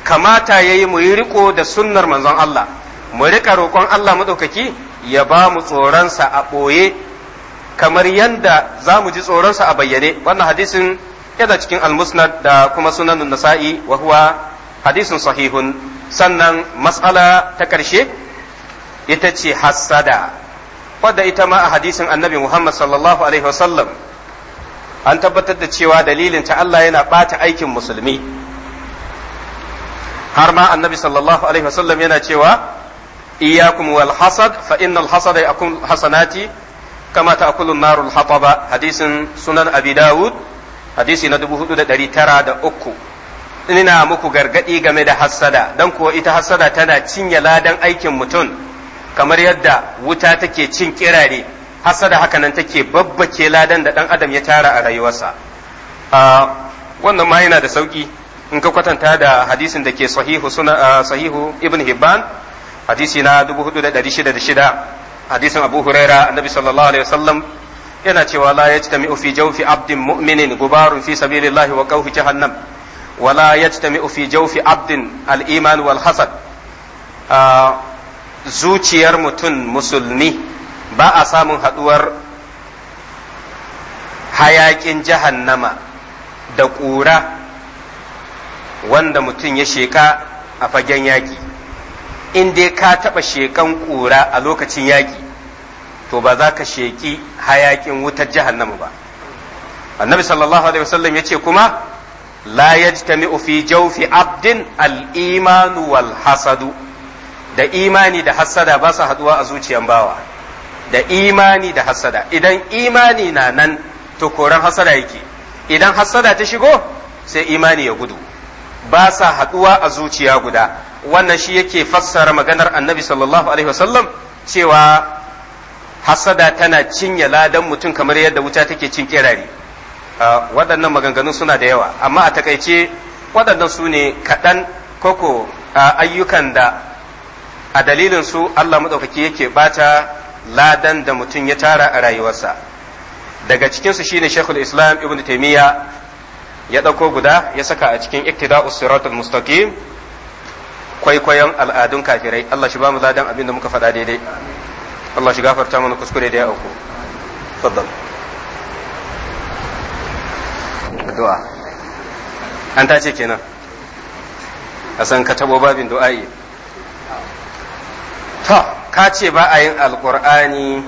kamata yayi mu yi riko da sunnar manzon Allah mu rika roƙon Allah madaukaki ya ba mu tsoronsa a ɓoye kamar yanda za mu ji tsoronsa a bayyane wannan hadisin yana cikin almusnad da kuma sunan nasa'i wa huwa hadisin sahihun sannan matsala ta ƙarshe ita ce hassada wadda ita ma a hadisin annabi muhammad sallallahu alaihi wasallam an tabbatar da cewa dalilin ta Allah yana ɓata aikin musulmi har ma annabi sallallahu alaihi wasallam yana cewa iyakum wal hasad fa innal hasada yakum hasanati kama ta akulun narul hataba hadisin sunan abi dawud hadisi na uku ina muku gargadi game da hassada don kuwa ita hassada tana cinye ladan aikin mutum kamar yadda wuta take cin kirare hassada hakanan take babbake ladan da ɗan adam ya tara a rayuwarsa wannan ma yana da sauki in ka kwatanta da hadisin da ke sahihu ibn hibban hadisi na hadisin abu huraira annabi sallallahu alaihi wasallam yana cewa la yajtami'u fi jawfi abdin mu'minin gubarun fi sabilillahi wa qawfi jahannam wa la yajtami'u fi jawfi abdin al-iman wal hasad ah, zuciyar mutum musulmi ba a samun haduwar hayakin jahannama da ƙura wanda mutum ya sheka a fagen yaƙi in dai ka taɓa shekan ƙura a lokacin yaƙi to ba za ka sheƙi hayaƙin wutar jahannama ba annabi sallallahu alaihi wasallam ya ce kuma la yajtami'u fi jawfi abdin al-imanu wal hasadu da imani da hasada ba su haduwa a zuciyan bawa da imani da hasada idan imani na nan to koran hasada yake idan hasada ta shigo sai imani ya gudu ba sa haduwa a zuciya guda wannan shi yake fassara maganar annabi sallallahu alaihi wasallam cewa hasada tana cinye ladan mutum kamar yadda wuta take cin kirare ah, waɗannan maganganun suna da yawa amma a takaice waɗannan su ne kaɗan koko ah, ayyukan da a dalilin su Allah maɗaukaki yake bata ladan da mutum ya tara a rayuwarsa daga cikinsu shine shekul islam ibn taimiyya ya ɗauko guda ya saka a cikin iktida'us siratul mustaqim kwaikwayon al'adun kafirai Allah shi ba mu ladan abin da muka faɗa daidai Allah shi gafarta mana kuskure da ya auku faddal addu'a an tace kenan a san ka tabo babin du'a'i to ka ce ba a yin alqur'ani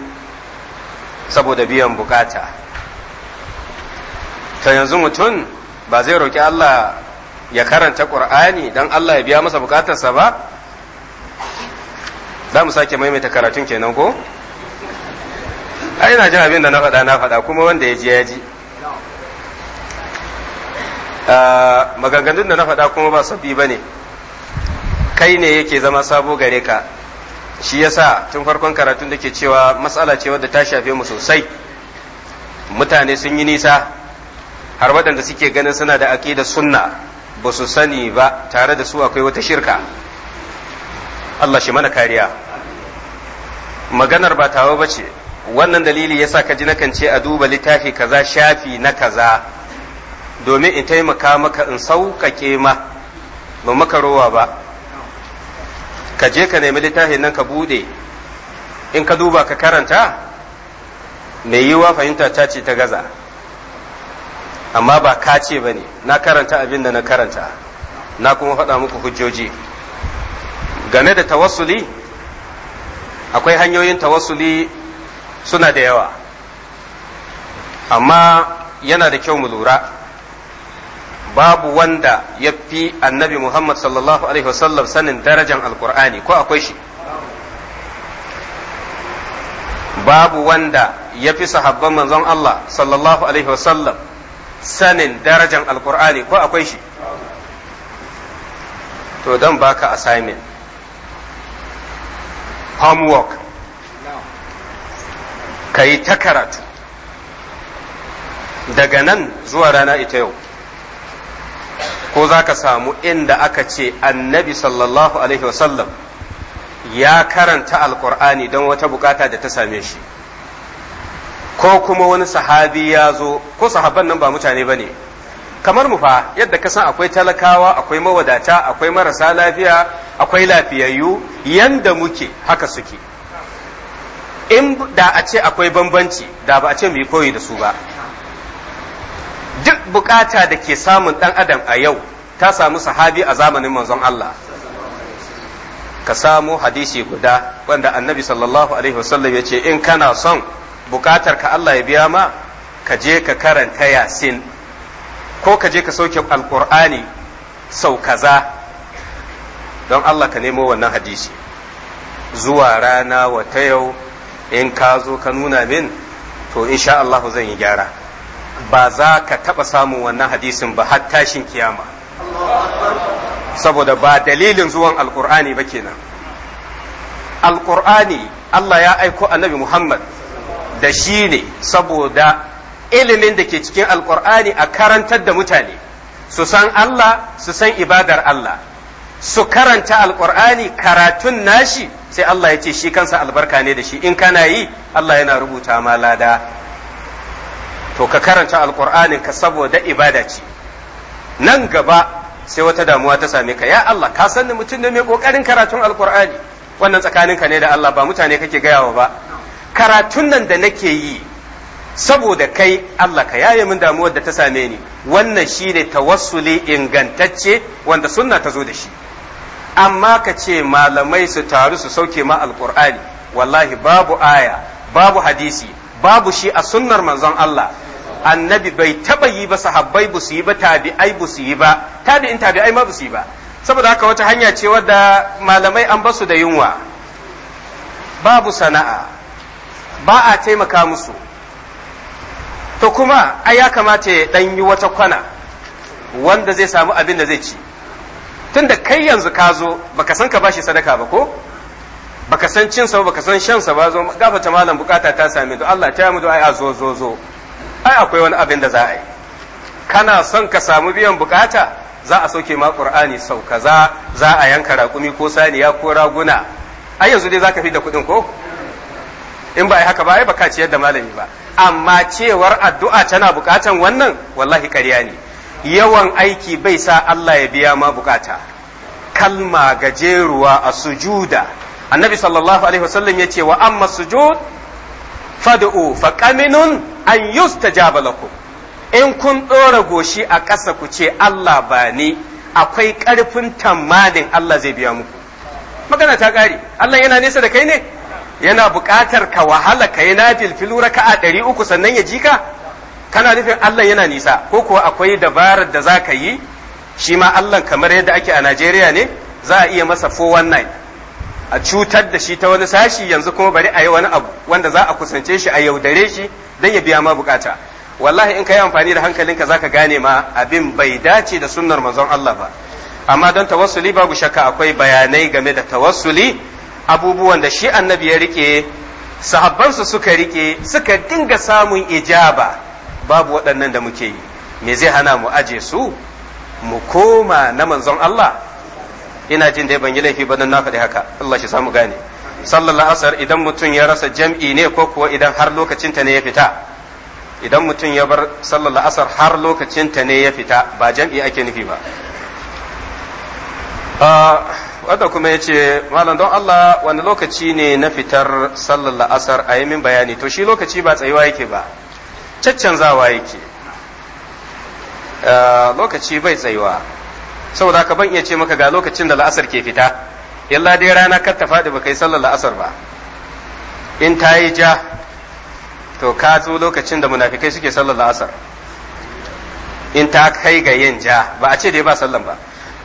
saboda biyan bukata to yanzu mutum ba zai roki Allah ya karanta ƙur'ani don Allah ya biya masa bukatarsa ba za mu sake maimaita karatun kenan ko ai ina jin abin da na faɗa na faɗa kuma wanda ya ji ya ji ah, maganganun da na faɗa kuma ba sabbi ba ne kai ne yake zama sabo gare ka shi yasa tun farkon karatun da ke cewa matsala ce wadda ta shafe mu sosai mutane sun yi nisa har waɗanda suke ganin suna da aƙida sunna ba su sani ba tare da su akwai wata shirka Allah shi mana kariya maganar ba tawa ba ce wannan dalili yasa ka ji nakan ce a duba littafi kaza shafi na kaza domin in taimaka maka in sauƙaƙe ma ba maka rowa ba ka je ka nemi littafin nan ka bude in ka duba ka karanta mai yiwuwa fahimta ta ce ta gaza amma ba ka ce ba ne na karanta abin da na karanta na kuma faɗa muku hujjoji game da tawassuli akwai hanyoyin tawassuli suna da yawa amma yana da kyau mu lura babu wanda ya fi annabi muhammad sallallahu alaihi wasallam sanin darajan alkur'ani ko akwai shi babu wanda ya fi sahabban manzon allah sallallahu alaihi wasallam sanin darajan alkur'ani ko akwai shi to don baka assignment homework ka yi ta karatu daga nan zuwa rana ita yau ko za ka samu inda aka ce annabi sallallahu alaihi wasallam ya karanta alkur'ani don wata bukata da ta same shi ko kuma wani sahabi ya zo ko sahabban nan ba mutane ba ne kamar mu fa yadda ka san akwai talakawa akwai mawadata akwai marasa lafiya akwai lafiyayyu yanda muke haka suke in da a ce akwai bambanci da ba a ce mu yi koyi da su ba duk bukata da ke samun dan adam a yau ta samu sahabi a zamanin manzon Allah ka samu hadisi guda wanda annabi sallallahu alaihi wasallam ya ce in kana son bukatar ka Allah ya biya ma ka je ka karanta yasin ko ka je ka sauke alkur'ani sau kaza don Allah ka nemo wannan hadisi zuwa rana wata yau in ka zo ka nuna min to insha Allah zan yi gyara ba za ka taɓa samun wannan hadisin ba har tashin kiyama saboda ba dalilin zuwan alkur'ani ba kenan alkur'ani Allah ya aiko annabi Muhammad da shi ne saboda ilimin da ke cikin alkur'ani a karantar da mutane su san Allah su san ibadar Allah su karanta alkur'ani karatun nashi sai Allah ya ce shi kansa albarka ne da shi in kana yi Allah yana rubuta ma lada to ka karanta alkur'anin ka saboda ibada ce nan gaba sai wata damuwa ta same ka ya Allah ka san mutum ne mai kokarin karatun alkur'ani wannan tsakaninka ne da Allah ba mutane kake gayawa ba karatun nan da nake yi saboda kai Allah ka yaye min damuwar da ta same ni wannan shine tawassuli ingantacce wanda sunna ta zo da shi amma ka ce malamai su taru su sauke ma alqur'ani wallahi babu aya babu hadisi babu shi a sunnar manzon Allah annabi bai taba yi ba sahabbai ba su yi ba tabi'ai ba su yi ba tabi'in tabi'ai ma ba su yi ba saboda haka wata hanya ce wadda malamai an basu da yunwa babu sana'a ba a taimaka musu to kuma ai ya kamata ya ɗan yi wata kwana wanda zai samu abin da zai ci tunda kai yanzu ka zo baka san ka bashi sadaka ba ko baka san cin sa baka san shan sa ba zo gafata malam bukata ta same to Allah ta mu ai a zo zo zo ai akwai wani abin da za a yi kana son ka samu biyan bukata za a sauke ma qur'ani sau kaza za a yanka raƙumi ko saniya ko raguna ai yanzu dai zaka fi da kuɗin ko in ba haka ba ai baka ciyar da malami ba amma cewar addu'a tana bukatan wannan wallahi ƙarya ne yawan aiki bai sa Allah ya biya ma bukata kalma gajeruwa a sujuda annabi sallallahu alaihi wasallam ce wa amma sujud fad'u faqaminun an yustajaba lakum in kun dora goshi a ƙasa ku ce Allah ba ni akwai ƙarfin tamanin Allah zai biya muku magana ta ƙari Allah yana nesa da kai ne yana buƙatar ka wahala ka yi nafil filu a ɗari uku sannan ya ji ka kana nufin Allah yana nisa ko kuwa akwai dabarar da za ka yi shi ma Allah kamar yadda ake a Najeriya ne za a iya masa 419 a cutar da shi ta wani sashi yanzu kuma bari a yi wani abu wanda za a kusance shi a yaudare shi don ya biya ma bukata wallahi in ka yi amfani da hankalinka za ka gane ma abin bai dace da sunnar manzon Allah ba amma don tawassuli babu shakka akwai bayanai game da tawassuli abubuwan da shi annabi ya rike sahabbansu suka rike suka dinga samun ijaba babu waɗannan da muke yi me zai hana mu aje su mu koma na manzon Allah ina jin dai ban yi laifi ba dan na faɗi haka Allah shi samu gane sallallahu asar idan mutum ya rasa jam'i ne ko kuwa idan har lokacinta ne ya fita idan mutum ya bar sallallahu asar har lokacinta ne ya fita ba jam'i ake nufi ba ah, wanda kuma ya ce malam don Allah wani lokaci ne na fitar sallar la'asar a yi bayani to shi lokaci ba tsayuwa yake ba zawa yake ah, lokaci bai tsayuwa saboda ka ban iya ce maka ga lokacin da la'asar ke fita yalla dai rana kar ta faɗi ba kai sallar la'asar ba in ta yi ja to ka zo lokacin da munafikai suke sallar la'asar in ta kai ga yin ja ba a ce dai ba sallar ba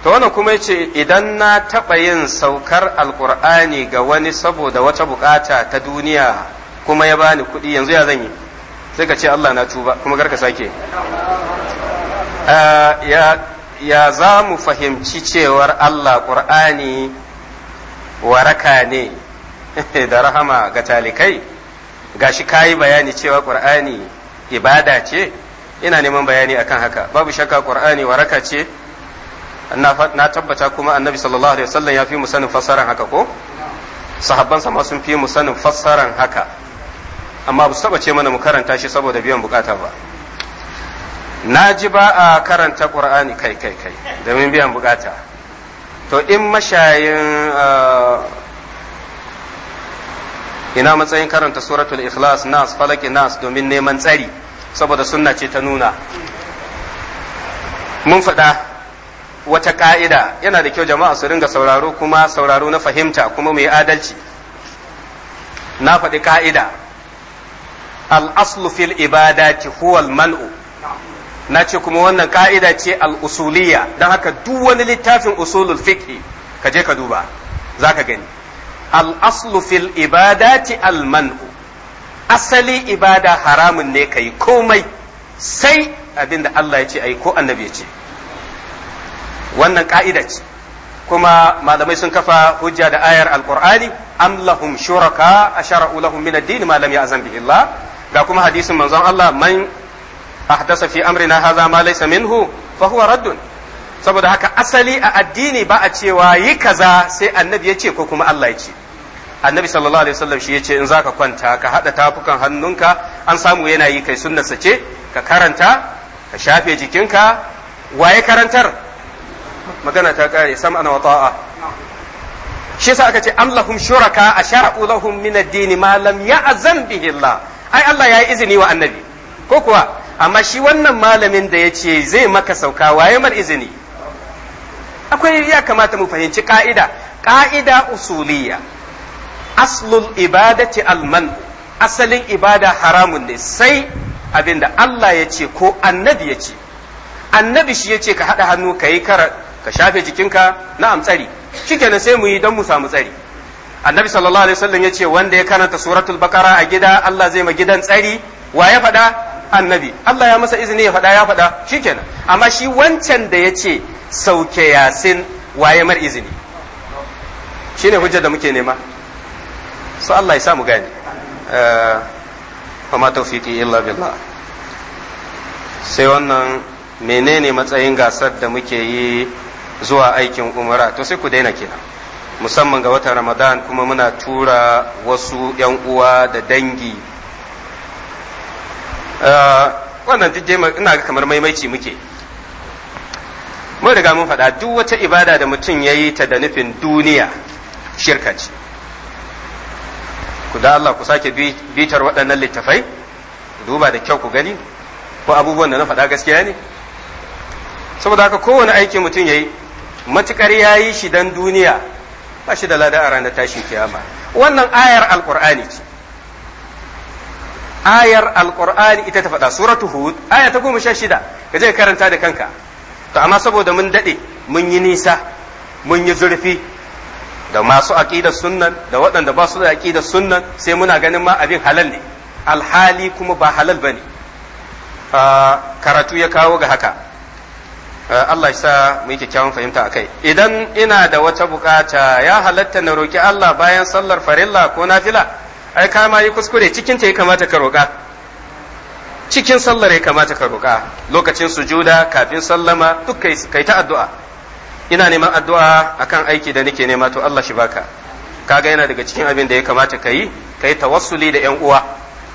to wannan kuma yace idan na taɓa yin saukar alkur'ani ga wani saboda wata bukata ta duniya kuma ya bani kuɗi yanzu ya zan sai ka ce Allah na tuba kuma garka sake ah, ya za mu fahimci cewar Allah ƙur'ani waraka ne da rahama ga talikai gashi kayi bayani cewa ƙur'ani ibada ce ina neman bayani akan haka babu shakka ƙur'ani waraka ce na tabbata kuma annabi sallallahu alaihi wasallam ya fi mu sanin fassaran haka ko sahabbansa ma sun fi mu sanin fassaran haka amma ba su taba ce mana mu karanta shi saboda biyan bukata ba na ji ba a karanta qur'ani kai kai kai domin biyan bukata to in mashayin eh, ina matsayin karanta suratul ikhlas nas falaki nas domin neman tsari saboda sunna ce ta nuna mun faɗa wata ka'ida yana da kyau jama'a su ringa sauraro kuma sauraro na fahimta kuma mai adalci na faɗi ka'ida Al-aslu fil ibadati huwal man'u na ce kuma wannan ka'ida ce al usuliyya don haka duk wani littafin usulul fiqh ka je ka duba zaka ka gani Al-aslu fil ibadati al man'u asali ibada haramun ne kai komai sai abinda Allah ya ce ai ko annabi ya ce wannan ka'ida ce kuma malamai sun kafa hujja da ayar alqur'ani am lahum shuraka ashara'u lahum min ad-din ma lam ya'zan bihi Allah ga kuma hadisin manzon Allah man ahdasa fi amrina hadha ma laysa minhu fa huwa raddun saboda haka asali a addini ba a cewa yi kaza sai annabi ya ce ko kuma Allah ya ce annabi sallallahu alaihi wasallam shi ya ce in zaka kwanta ka hada tafukan hannunka an samu yana yi kai sunnarsa ce ka karanta ka shafe jikinka waye karantar magana ta kare sam'an wa ta'a shi sa aka ce Allah, lahum shuraka ashara'u lahum min ad malam ma lam ya'zan bihi Allah ai Allah ya yi izini wa annabi ko kuwa amma shi wannan malamin da ya ce zai maka sauka waye mar izini akwai ya kamata mu fahimci ka'ida ka'ida usuliya aslul ibadati alman asalin ibada haramun ne sai abinda Allah ya ce ko annabi ya ce annabi shi ya ce ka haɗa hannu ka yi ka shafe jikinka na'am tsari shikenan sai mu yi don mu samu tsari annabi sallallahu alaihi wasallam yace wanda ya karanta suratul bakara a gida Allah zai ma gidan tsari wa ya faɗa annabi Allah ya masa izini ya faɗa ya faɗa shikenan amma shi wancan da yace sauke yasin ya mar izini shine hujja da muke nema so Allah ya sa mu gane eh, fama tawfiqi illa billah sai wannan menene matsayin gasar da muke yi zuwa aikin umara to sai ku daina kenan musamman ga watan ramadan kuma muna tura wasu yan uwa da dangi ah, wannan duk ina ga kamar maimaici muke mun riga mun faɗa duk wata ibada da mutum ya yi ta da nufin duniya shirka ce ku da Allah ku sake bitar waɗannan littafai duba da kyau ku gani ko abubuwan da na faɗa gaskiya ne saboda haka kowane aikin mutum ya yi matukar ya yi shi don duniya ba shi da lada a ranar tashin kiyama wannan ayar alkur'ani ce ayar alkur'ani ita ta faɗa suratu hud aya ta goma sha shida ka je karanta da kanka to amma saboda mun daɗe mun yi nisa mun yi zurfi da masu aƙidar sunnan da waɗanda ba su da aƙida sunnan sai muna ganin ma abin halal ne alhali kuma ba halal ba ne ah, karatu ya kawo ga haka Eh, Allah ya sa mu yi kyakkyawan fahimta akai idan ina da wata bukata ya halatta na roki Allah bayan sallar farilla ko nafila ai ka ma yi kuskure cikin ta ya kamata ka roka cikin sallar ya kamata ka roka lokacin sujuda kafin sallama duk kai ta addu'a ina neman addu'a akan aiki da nake nema to Allah shi baka kaga yana daga cikin abin da ya kamata ka yi kai tawassuli da yan uwa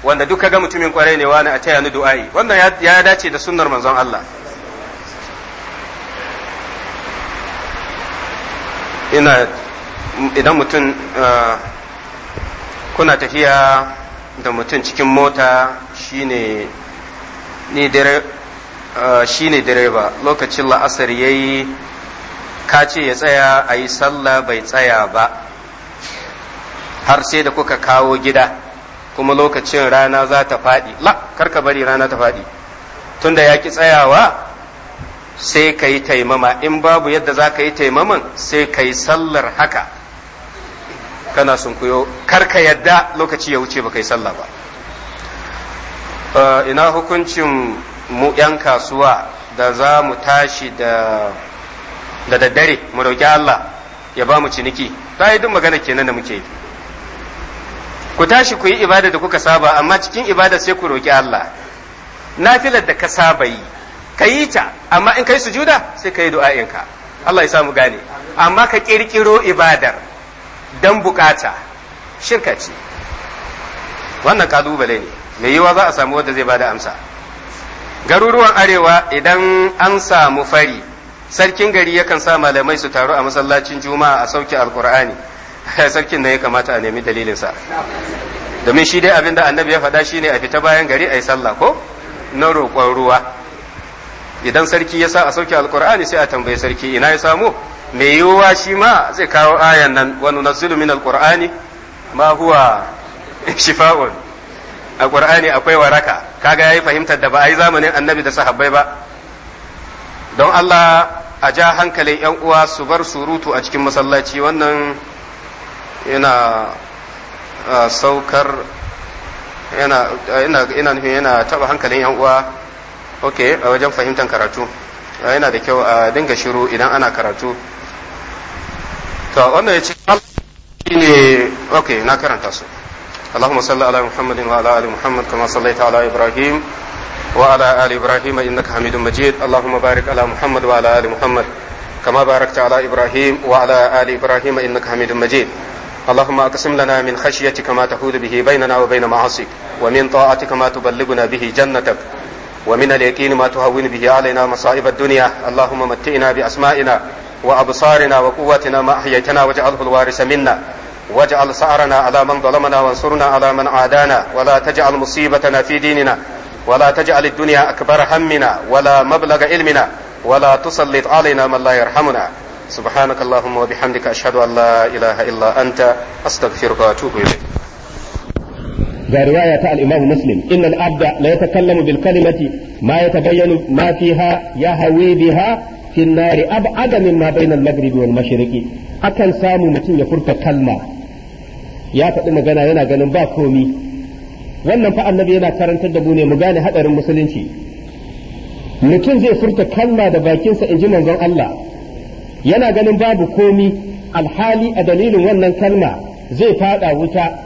wanda duk kaga mutumin kwarai ne wani a taya ni du'a'i wannan ya dace da sunnar manzon Allah ina idan mutum uh, kuna tafiya da mutum cikin mota shine uh, ne direba lokacin la'asar ya yi ka ce ya tsaya a yi sallah bai tsaya ba har sai da kuka kawo gida kuma lokacin rana za ta faɗi la karka bari rana ta faɗi tunda ya ki tsayawa sai ka yi taimama in babu yadda za ka yi taimaman sai ka yi sallar haka kana sunkuyo kar ka yadda lokaci ya wuce ba ka yi sallah ba uh, ina hukuncin mu 'yan kasuwa da za mu tashi da daddare mu roƙi Allah ya ba mu ciniki ta yi duk magana kenan da muke yi ku tashi ku yi ibada da kuka saba amma cikin ibada sai ku roƙi Allah nafilar da ka saba yi ka yi ta amma in kai sujuda sai ka yi du'a'inka Allah ya samu gane amma ka kirkiro ibadar dan bukata shirka ce wannan kalubale ne mai yiwa za a samu wanda zai bada amsa garuruwan arewa idan an samu fari sarkin gari yakan sa malamai su taru a masallacin juma'a a sauke alkur'ani sarkin nan ya kamata a nemi dalilinsa domin shi dai abinda annabi ya faɗa shine a fita bayan gari a yi sallah ko na roƙon ruwa idan sarki ya sa a sauke alkur'ani sai a tambaye sarki ina ya samu mai yiwuwa shi ma zai kawo ayan nan wani nazilu min alkur'ani ma huwa shifa'un alkur'ani akwai waraka kaga yayi fahimtar da ba a yi zamanin annabi da sahabbai ba don Allah a ja hankalin yan uwa su bar surutu a cikin masallaci wannan yana ah, saukar yana yana yana taba hankalin yan uwa ok a wajen fahimtar karatu yana da kyau a dinga shiru idan ana karatu to wannan ya ce ne ok na karanta su اللهم صل على محمد وعلى ال محمد كما صليت على ابراهيم وعلى ال ابراهيم انك حميد مجيد اللهم بارك على محمد وعلى ال محمد كما باركت على ابراهيم وعلى ال ابراهيم انك حميد مجيد اللهم اقسم لنا من خشيتك ما تحول به بيننا وبين معاصيك ومن طاعتك ما تبلغنا به جنتك ومن اليقين ما تهون به علينا مصائب الدنيا اللهم متئنا بأسمائنا وأبصارنا وقوتنا ما أحييتنا واجعله الوارث منا واجعل سعرنا على من ظلمنا وانصرنا على من عادانا ولا تجعل مصيبتنا في ديننا ولا تجعل الدنيا أكبر همنا ولا مبلغ علمنا ولا تسلط علينا من لا يرحمنا سبحانك اللهم وبحمدك أشهد أن لا إله إلا أنت أستغفرك وأتوب إليك ga riwaya ta al-Imam Muslim innal abda la yatakallamu bil kalimati ma yatabayyanu ma fiha yahwi biha fi an-nari ab'ada mimma bayna al-maghrib wal mashriqi akan samu mutum ya furta kalma ya faɗi magana yana ganin ba komi wannan fa annabi yana karantar da mu ne mu gane hadarin musulunci mutum zai furta kalma da bakinsa in ji manzon Allah yana ganin babu komi alhali a dalilin wannan kalma zai fada wuta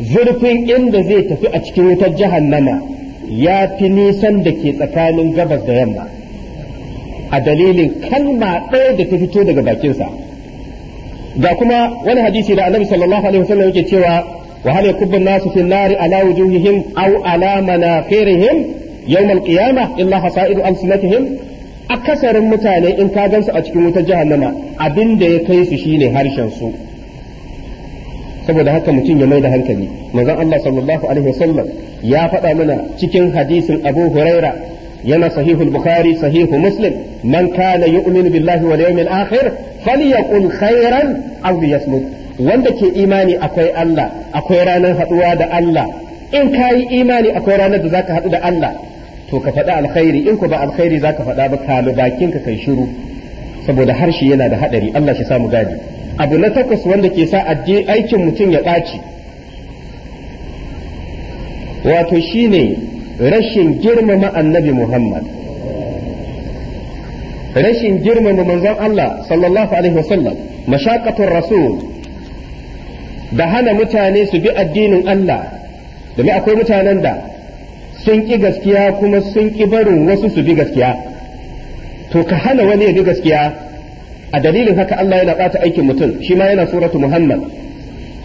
zurfin inda zai tafi a cikin wutar jahannama ya fi nisan da ke tsakanin gabas da yamma a dalilin kalma ɗaya da ta fito daga bakinsa ga kuma wani hadisi da annabi sallallahu alaihi wasallam yake cewa wa hal yakubbu nasu fi nari ala wujuhihim aw ala manaqirihim yawm al-qiyamah illa hasa'idu alsinatihim akasarin mutane in ka gansu a cikin wutar jahannama abinda ya kai su shine harshen su saboda haka mutum ya mai da hankali manzon Allah sallallahu alaihi wasallam ya faɗa mana cikin hadisin Abu Huraira yana sahihul Bukhari sahihu Muslim man kana yu'minu billahi wal yawmil akhir falyaqul khairan aw liyasmut wanda ke imani akwai Allah akwai ranar haduwa da Allah in kayi imani akwai ranar da zaka hadu da Allah to ka faɗi alkhairi in ku ba alkhairi zaka faɗa ba kalu bakinka kai shiru saboda harshe yana da hadari Allah shi samu gadi abu na takwas wanda ke sa aikin mutum ya ɓaci wato shine rashin girmama annabi Muhammad rashin girmama manzon Allah sallallahu alaihi wasallam mashaqatul rasul da hana mutane su bi addinin Allah domin akwai mutanen da sun ƙi gaskiya kuma sun ƙi barin wasu su bi gaskiya to ka hana wani ya bi gaskiya a dalilin haka Allah yana bata aikin mutum shi ma yana suratu Muhammad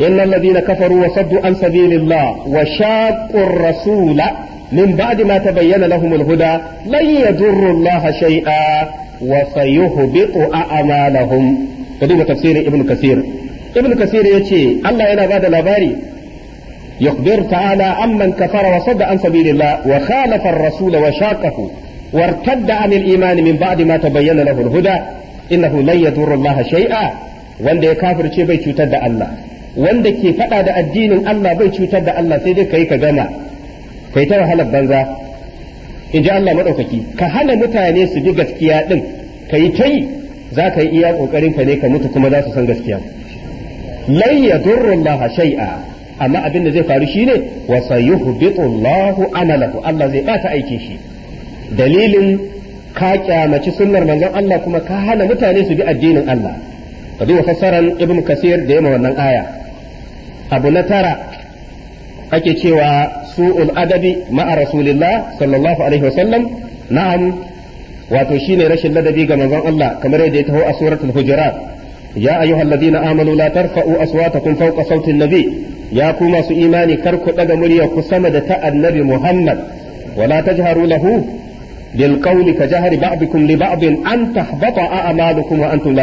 innal ladina kafaru wa saddu an sabilillah wa shaqqur rasula min ba'di ma tabayyana lahumul huda lan yadurru Allah shay'a wa sayuhbitu a'malahum kadiba tafsirin ibn kasir ibn kasir yace Allah yana bada labari يخبر تعالى عمن كفر وصد عن سبيل الله وخالف الرسول وشاقه وارتد عن الإيمان من بعد ما تبين له الهدى innahu lan yadurru Allah shay'a wanda ya kafirce bai cutar da Allah wanda ke fada da addinin Allah bai cutar da Allah sai dai kai ka gama kai ta wahalar banza in ji Allah madaukaki ka hana mutane su bi gaskiya din kai ta yi za ka yi iya kokarin ka ne ka mutu kuma za su san gaskiya lan yadurru Allah shay'a amma abin da zai faru shine wa sayuhbitu Allahu amalahu Allah zai ba ta aikin shi dalilin ka kyamaci sunnar manzon Allah kuma ka hana mutane su bi addinin Allah ka duba fassaran ibn kasir da yamma wannan aya abu na tara ake cewa su'ul adabi ma'a rasulillah sallallahu alaihi wasallam na'am wato shine rashin ladabi ga manzon Allah kamar yadda ya taho a suratul hujurat ya ayyuhal ladina amanu la tarfa'u aswatakum fawqa sautin nabi ya ku masu imani kar ku daga murya ku sama da ta annabi Muhammad wala tajharu lahu bil qawli ka jahri ba'dikum li ba'din an tahbata a'malukum wa antum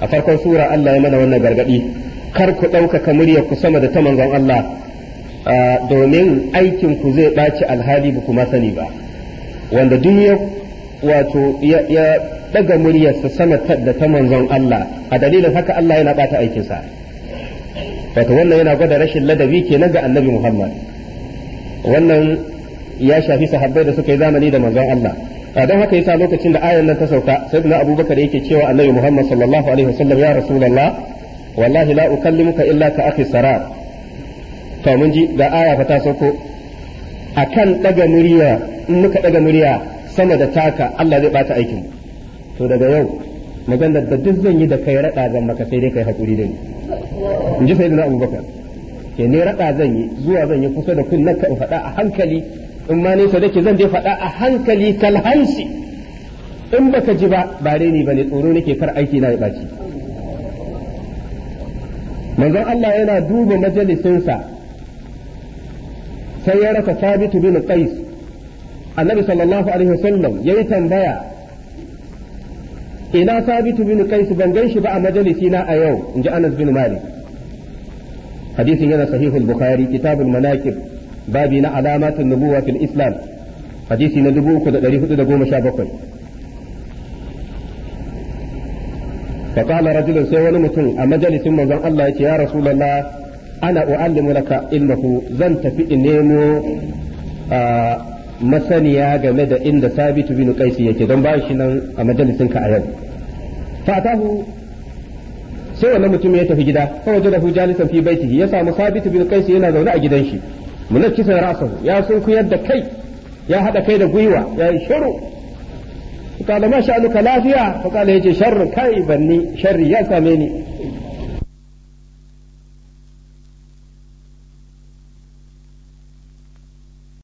a farkon sura Allah ya mana wannan gargadi kar ku ɗaukaka muryar ku sama da ta manzon Allah domin aikin ku zai ɓaci alhali ba kuma sani ba wanda duk wato ya daga muryarsa sama da ta manzon Allah a dalilin haka Allah yana ɓata aikinsa wato wannan yana gwada rashin ladabi kenan ga annabi Muhammad wannan ya shafi sahabbai da suka yi zamani da manzon Allah don haka yasa lokacin da ayan nan ta sauka sai sayyidina abubakar yake cewa annabi muhammad sallallahu alaihi wasallam ya rasulullah wallahi la ukallimuka illa ka akhi sarar to mun ji ga aya fa ta sauko akan daga murya in muka daga murya sama da taka Allah zai bata aikin to daga yau maganar da duk zan yi da kai rada zan maka sai dai kai hakuri da ni in ji sayyidina abubakar ke ne rada zan yi zuwa zan yi kusa da kullun ka in faɗa a hankali in ma nesa zan je faɗa a hankali kalhamsi in baka ji ba ba reni bane tsoro nake kar aiki na ya baci manzon Allah yana duba majalisinsa sai ya raka sabitu bin qais annabi sallallahu alaihi wasallam yayi tambaya ina sabitu bin qais ban gan shi ba a majalisina a yau inji Anas bin Malik hadisin yana sahihul bukhari kitabul manaqib babi na alamatun nubuwa fil islam hadisi na 3417 فقال رجل سوى نمتن أما جلس من الله يا رسول الله أنا أعلم لك علمه زنت في إنيمو masaniya game da inda sabitu bin qaisi yake don ba shi nan a majalisin ka a yau fatahu sai wani mutum ya tafi gida fa wajadahu jalisan fi baitihi ya samu sabitu bin qaisi yana zaune a gidan shi kisan rasahu ya sunkuyar da kai ya hada kai da gwiwa ya yi shiru kala ma Allah lafiya fa kala yace sharri kai banni sharri ya same ni